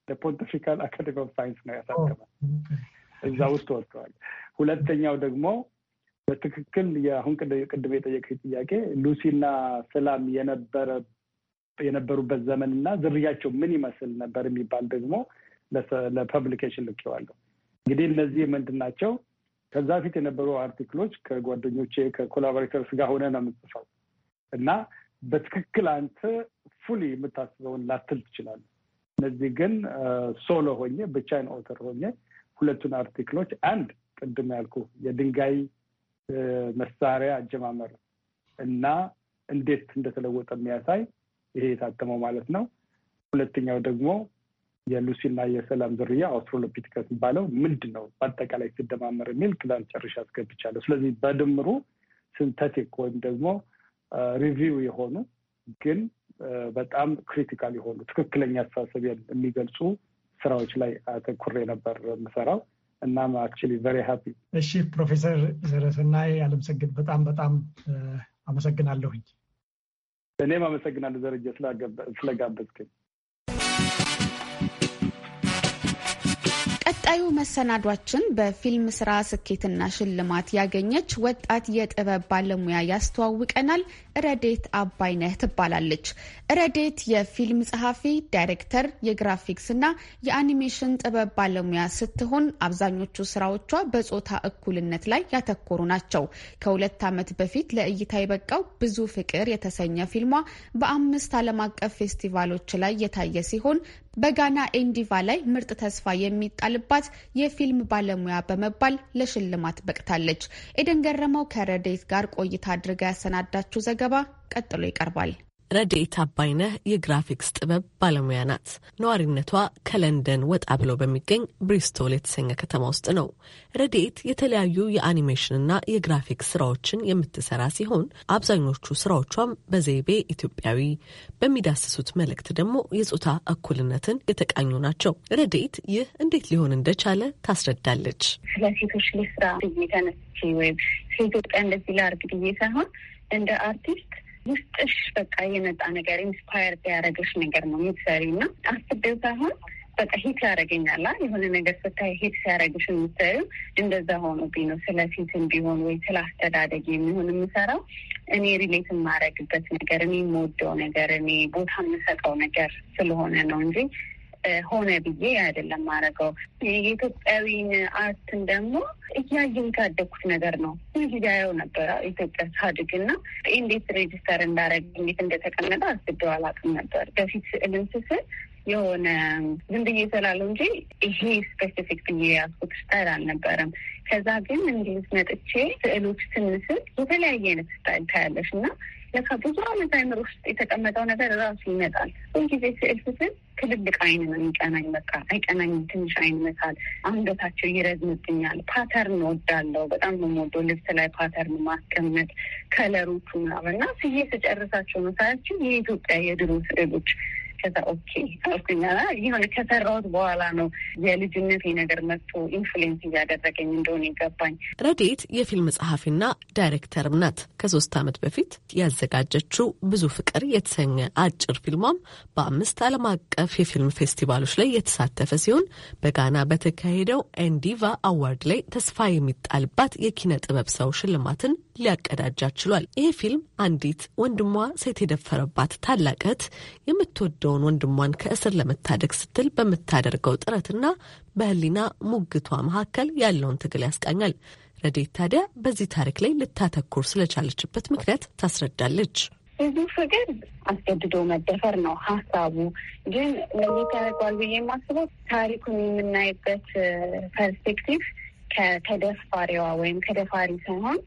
ለፖንቲፊካል አካደሚ ኦፍ ሳይንስ ነው ያሳተመ። እዛ ውስጥ ወጥተዋል። ሁለተኛው ደግሞ በትክክል የአሁን ቅድም የጠየቀኝ ጥያቄ ሉሲና ሰላም የነበሩበት ዘመን እና ዝርያቸው ምን ይመስል ነበር የሚባል ደግሞ ለፐብሊኬሽን ልኬዋለሁ። እንግዲህ እነዚህ ምንድን ናቸው? ከዛ ፊት የነበሩ አርቲክሎች ከጓደኞቼ ከኮላቦሬተርስ ጋር ሆነ ነው የምጽፈው እና በትክክል አንተ ፉሊ የምታስበውን ላትል ትችላለህ። እነዚህ ግን ሶሎ ሆኜ ብቻዬን ኦተር ሆኜ ሁለቱን አርቲክሎች አንድ ቅድም ያልኩ የድንጋይ መሳሪያ አጀማመር እና እንዴት እንደተለወጠ የሚያሳይ ይሄ የታተመው ማለት ነው። ሁለተኛው ደግሞ የሉሲና የሰላም ዝርያ አውስትራሎፒቲከስ የሚባለው ምንድን ነው በአጠቃላይ ሲደማመር የሚል ክላን ጨርሻ አስገብቻለሁ። ስለዚህ በድምሩ ሲንተቲክ ወይም ደግሞ ሪቪው የሆኑ ግን በጣም ክሪቲካል የሆኑ ትክክለኛ አስተሳሰብ የሚገልጹ ስራዎች ላይ አተኩሬ ነበር የምሰራው። እናም አክቹዋሊ ቨሪ ሃፒ። እሺ ፕሮፌሰር ዘርሰናይ አለምሰግድ በጣም በጣም አመሰግናለሁኝ። እኔም አመሰግናለሁ ደረጀ ስለጋበዝክኝ። ቀጣዩ መሰናዷችን በፊልም ስራ ስኬትና ሽልማት ያገኘች ወጣት የጥበብ ባለሙያ ያስተዋውቀናል። ረዴት አባይነህ ትባላለች። ረዴት የፊልም ጸሐፊ፣ ዳይሬክተር፣ የግራፊክስ እና የአኒሜሽን ጥበብ ባለሙያ ስትሆን አብዛኞቹ ስራዎቿ በጾታ እኩልነት ላይ ያተኮሩ ናቸው። ከሁለት ዓመት በፊት ለእይታ የበቃው ብዙ ፍቅር የተሰኘ ፊልሟ በአምስት ዓለም አቀፍ ፌስቲቫሎች ላይ የታየ ሲሆን በጋና ኤንዲቫ ላይ ምርጥ ተስፋ የሚጣልባት የፊልም ባለሙያ በመባል ለሽልማት በቅታለች። ኤደን ገረመው ከረዴት ጋር ቆይታ አድርጋ ያሰናዳችው ዘገባ ቀጥሎ ይቀርባል። ረዴት አባይነህ የግራፊክስ ጥበብ ባለሙያ ናት። ነዋሪነቷ ከለንደን ወጣ ብሎ በሚገኝ ብሪስቶል የተሰኘ ከተማ ውስጥ ነው። ረዴት የተለያዩ የአኒሜሽንና የግራፊክስ ስራዎችን የምትሰራ ሲሆን አብዛኞቹ ስራዎቿም በዘይቤ ኢትዮጵያዊ፣ በሚዳስሱት መልእክት ደግሞ የጾታ እኩልነትን የተቃኙ ናቸው። ረዴት ይህ እንዴት ሊሆን እንደቻለ ታስረዳለች። ስለ ሴቶች ለስራ ተነስቼ ወይም ስለ ኢትዮጵያ እንደዚህ ላርግ ብዬ ሳይሆን እንደ አርቲስት ውስጥሽ በቃ የመጣ ነገር ኢንስፓየር ያደረገሽ ነገር ነው የምትሰሪው እና አስቤው ሳይሆን በቃ ሂት ያደረገኛላ የሆነ ነገር ስታይ ሂት ሲያደረግሽ የምትሰሪ እንደዛ ሆኖብኝ ነው። ስለ ፊትም ቢሆን ወይ ስለ አስተዳደግ የሚሆን የምሰራው እኔ ሪሌት የማደርግበት ነገር እኔ የምወደው ነገር እኔ ቦታ የምሰጠው ነገር ስለሆነ ነው እንጂ ሆነ ብዬ አይደለም ማድረገው። የኢትዮጵያዊን አርትን ደግሞ እያየሁ የታደግኩት ነገር ነው። ሁልጊዜ ነበረ ኢትዮጵያ ሳድግ ሳድግና እንዴት ሬጅስተር እንዳረግ እንዴት እንደተቀመጠ አስቤው አላውቅም ነበር። በፊት ስዕልን ስስል የሆነ ዝም ብዬ ስላለው እንጂ ይሄ ስፔሲፊክ ብዬ ያስኩት ስታይል አልነበረም። ከዛ ግን እንግሊዝ መጥቼ ስዕሎች ስንስል የተለያየ አይነት ስታይል ታያለሽ እና ለካ ብዙ አመት አይምሮ ውስጥ የተቀመጠው ነገር ራሱ ይመጣል። ሁልጊዜ ስዕል ስስል ትልልቅ አይን ነው የሚቀናኝ። በቃ አይቀናኝም፣ ትንሽ አይን መሳል አንገታቸው ይረዝምብኛል። ፓተርን ወዳለው በጣም የምወደው ልብስ ላይ ፓተርን ማስቀመጥ ከለሮቹ ምናምን እና ስዬ ስጨርሳቸው መሳያችን የኢትዮጵያ የድሮ ስዕሎች ከዛ ኦኬ አልኩኛና ይሁን ከሰራሁት በኋላ ነው የልጅነቴ ነገር መጥቶ ኢንፍሉዌንስ እያደረገኝ እንደሆነ ይገባኝ። ረዴት የፊልም ጸሐፊና ዳይሬክተርም ናት። ከሶስት ዓመት በፊት ያዘጋጀችው ብዙ ፍቅር የተሰኘ አጭር ፊልሟም በአምስት ዓለም አቀፍ የፊልም ፌስቲቫሎች ላይ የተሳተፈ ሲሆን በጋና በተካሄደው ኤንዲቫ አዋርድ ላይ ተስፋ የሚጣልባት የኪነ ጥበብ ሰው ሽልማትን ሊያቀዳጃ ችሏል። ይህ ፊልም አንዲት ወንድሟ ሴት የደፈረባት ታላቅ እህት የምትወደው የወሰደውን ወንድሟን ከእስር ለመታደግ ስትል በምታደርገው ጥረትና በህሊና ሙግቷ መካከል ያለውን ትግል ያስቃኛል። ረዴት ታዲያ በዚህ ታሪክ ላይ ልታተኩር ስለቻለችበት ምክንያት ታስረዳለች። ብዙ ፍቅር አስገድዶ መደፈር ነው ሀሳቡ። ግን ለየት ያደርገዋል ብዬ የማስበው ታሪኩን የምናይበት ፐርስፔክቲቭ ከተደፋሪዋ ወይም ከደፋሪ ሳይሆን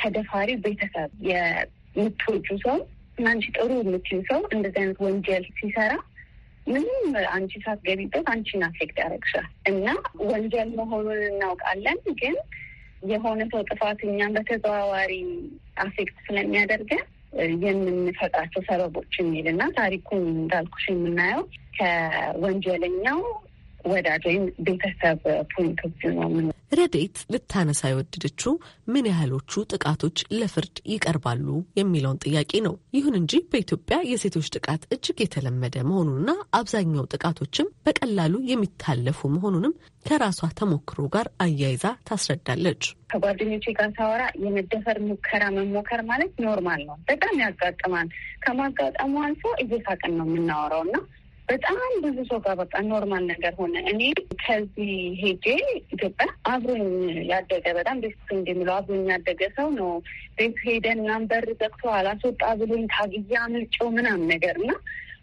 ከደፋሪው ቤተሰብ የምትወጁ ሰው አንቺ ጥሩ የምትዩ ሰው እንደዚህ አይነት ወንጀል ሲሰራ ምንም አንቺ ሳትገቢበት አንቺን አፌክት ያደረግሻል እና ወንጀል መሆኑን እናውቃለን ግን የሆነ ሰው ጥፋትኛን በተዘዋዋሪ አፌክት ስለሚያደርገን የምንፈጥራቸው ሰበቦች የሚል እና ታሪኩን እንዳልኩሽ የምናየው ከወንጀለኛው ወዳጅ ወይም ቤተሰብ ፖይንት ነው ምን ረዴት ልታነሳ የወደደችው ምን ያህሎቹ ጥቃቶች ለፍርድ ይቀርባሉ የሚለውን ጥያቄ ነው። ይሁን እንጂ በኢትዮጵያ የሴቶች ጥቃት እጅግ የተለመደ መሆኑንና አብዛኛው ጥቃቶችም በቀላሉ የሚታለፉ መሆኑንም ከራሷ ተሞክሮ ጋር አያይዛ ታስረዳለች። ከጓደኞቼ ጋር ሳወራ የመደፈር ሙከራ መሞከር ማለት ኖርማል ነው፣ በጣም ያጋጥማል። ከማጋጠሙ አልፎ እየሳቅን ነው የምናወራው እና በጣም ብዙ ሰው ጋር በቃ ኖርማል ነገር ሆነ። እኔ ከዚህ ሄጄ ኢትዮጵያ አብሮኝ ያደገ በጣም ቤት እንደሚለው አብሮኝ ያደገ ሰው ነው። ቤት ሄደን ናምበር ዘግቶ አላስወጣ ብሎኝ ታግያ ምጮ ምናምን ነገር እና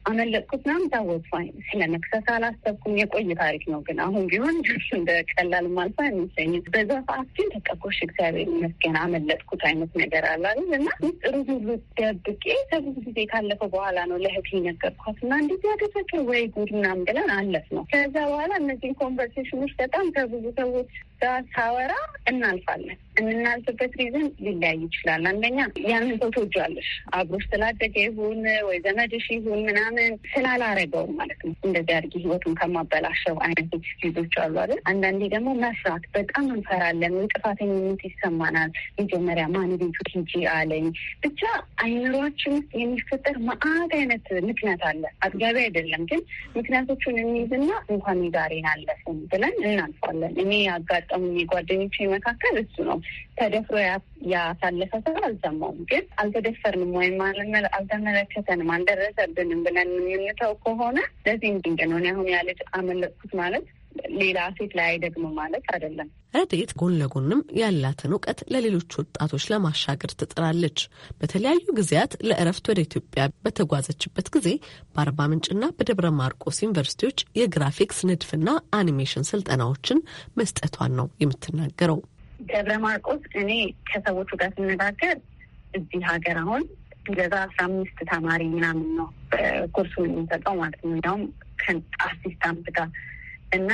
አመለጥኩት ምናምን ታወቅኩኝ። ስለ መክሰስ አላሰብኩም። የቆየ ታሪክ ነው፣ ግን አሁን ቢሆን እንደ ቀላል ማልፋ አይመስለኝም። በዛ ሰዓት ግን ተቀቆሽ እግዚአብሔር ይመስገን አመለጥኩት አይነት ነገር አላለ እና ጥሩ ሁሉ ደብቄ ከብዙ ጊዜ ካለፈ በኋላ ነው ለህግ ነገርኳት እና እንዴት ያደረገ ወይ ጉድ ምናምን ብለን አለፍ ነው። ከዛ በኋላ እነዚህን ኮንቨርሴሽኖች በጣም ከብዙ ሰዎች ሳወራ እናልፋለን። የምናልፍበት ሪዝን ሊለያይ ይችላል። አንደኛ ያንን ሰው ትወጂዋለሽ አብሮ ስላደገ ይሁን ወይ ዘመድሽ ይሁን ምናምን ስላላረገው ማለት ነው። እንደዚህ አድርጊ ህይወቱን ከማበላሸው አይነት ኤክስኪውዞች አሉ አይደል? አንዳንዴ ደግሞ መስራት በጣም እንፈራለን። ጥፋተኝነት ይሰማናል። መጀመሪያ ማን ቤቱ ሂጂ አለኝ ብቻ አይምሯችን ውስጥ የሚፈጠር መአት አይነት ምክንያት አለ። አጥጋቢ አይደለም ግን ምክንያቶቹን እንይዝና እንኳን የዛሬን አለፍን ብለን እናልፋለን። እኔ አጋጥ ከገጠሙኝ ጓደኞች መካከል እሱ ነው። ተደፍሮ ያሳለፈ ሰው አልሰማውም። ግን አልተደፈርንም ወይም አልተመለከተንም፣ አልደረሰብንም ብለን የምንተው ከሆነ ለዚህ እንዲንገ ነው አሁን ያልጅ አመለጥኩት ማለት ሌላ ሴት ላይ ደግሞ ማለት አይደለም። ረዴት ጎን ለጎንም ያላትን እውቀት ለሌሎች ወጣቶች ለማሻገር ትጥራለች። በተለያዩ ጊዜያት ለእረፍት ወደ ኢትዮጵያ በተጓዘችበት ጊዜ በአርባ ምንጭና በደብረ ማርቆስ ዩኒቨርሲቲዎች የግራፊክስ ንድፍና አኒሜሽን ስልጠናዎችን መስጠቷን ነው የምትናገረው። ደብረ ማርቆስ እኔ ከሰዎቹ ጋር ስነጋገር እዚህ ሀገር አሁን ለዛ አስራ አምስት ተማሪ ምናምን ነው ኮርሱ የምንሰጠው ማለት ነው። ያውም ከአሲስታንት ጋር እና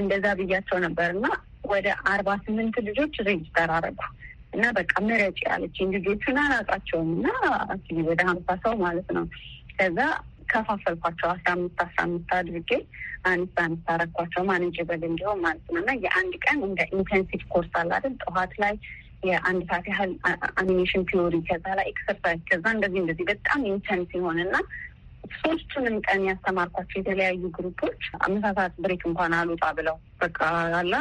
እንደዛ ብያቸው ነበር እና ወደ አርባ ስምንት ልጆች ሬጅስተር አረጉ እና በቃ መረጭ ያለችኝ ልጆቹን አላጣቸውም እና ወደ ሀምሳ ሰው ማለት ነው። ከዛ ከፋፈልኳቸው አስራ አምስት አስራ አምስት አድርጌ አንስት አንስት አረግኳቸው ማኔጅ በል እንዲሆን ማለት ነው እና የአንድ ቀን እንደ ኢንቴንሲቭ ኮርስ አለ አይደል ጠዋት ላይ የአንድ ሰዓት ያህል አኒሜሽን ቲዎሪ፣ ከዛ ላይ ኤክሰርሳይዝ፣ ከዛ እንደዚህ እንደዚህ በጣም ኢንተንስ የሆነና ሶስቱንም ቀን ያስተማርኳቸው የተለያዩ ግሩፖች አመሳሳት ብሬክ እንኳን አልወጣ ብለው በቃ አላ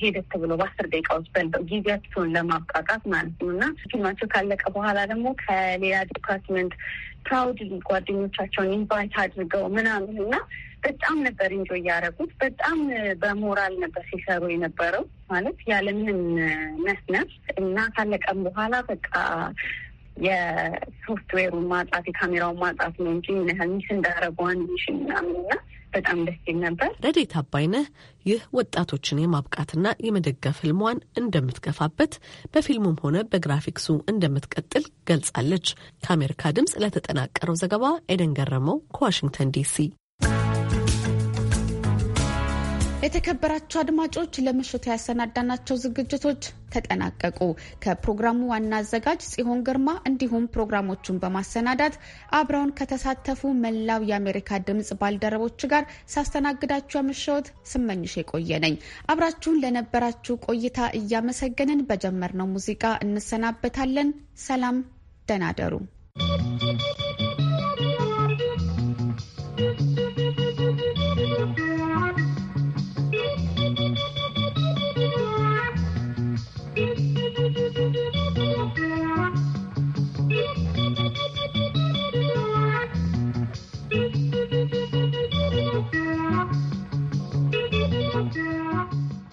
ሄደት ብሎ በአስር ደቂቃ ውስጥ ጊዜያቸውን ለማብቃቃት ማለት ነው እና ፊልማቸው ካለቀ በኋላ ደግሞ ከሌላ ዲፓርትመንት ፕራውድ ጓደኞቻቸውን ኢንቫይት አድርገው ምናምን እና በጣም ነበር እንጆ እያደረጉት በጣም በሞራል ነበር ሲሰሩ የነበረው ማለት ያለምንም መስነፍ እና ካለቀም በኋላ በቃ የሶፍትዌሩ ማጣት የካሜራውን ማጣት ነው እንጂ ምን ያህል ሚስ እንዳረጉ አንሽ ምናምንና በጣም ደስ ይል ነበር። ረዴት አባይነህ ይህ ወጣቶችን የማብቃትና የመደገፍ ህልሟን እንደምትገፋበት በፊልሙም ሆነ በግራፊክሱ እንደምትቀጥል ገልጻለች። ከአሜሪካ ድምፅ ለተጠናቀረው ዘገባ ኤደን ገረመው ከዋሽንግተን ዲሲ የተከበራቸው አድማጮች ለምሽቱ ያሰናዳናቸው ዝግጅቶች ተጠናቀቁ። ከፕሮግራሙ ዋና አዘጋጅ ጽሆን ግርማ እንዲሁም ፕሮግራሞቹን በማሰናዳት አብረውን ከተሳተፉ መላው የአሜሪካ ድምፅ ባልደረቦች ጋር ሳስተናግዳችሁ ያመሸሁት ስመኝሽ የቆየ ነኝ። አብራችሁን ለነበራችሁ ቆይታ እያመሰገንን በጀመርነው ሙዚቃ እንሰናበታለን። ሰላም፣ ደህና ደሩ።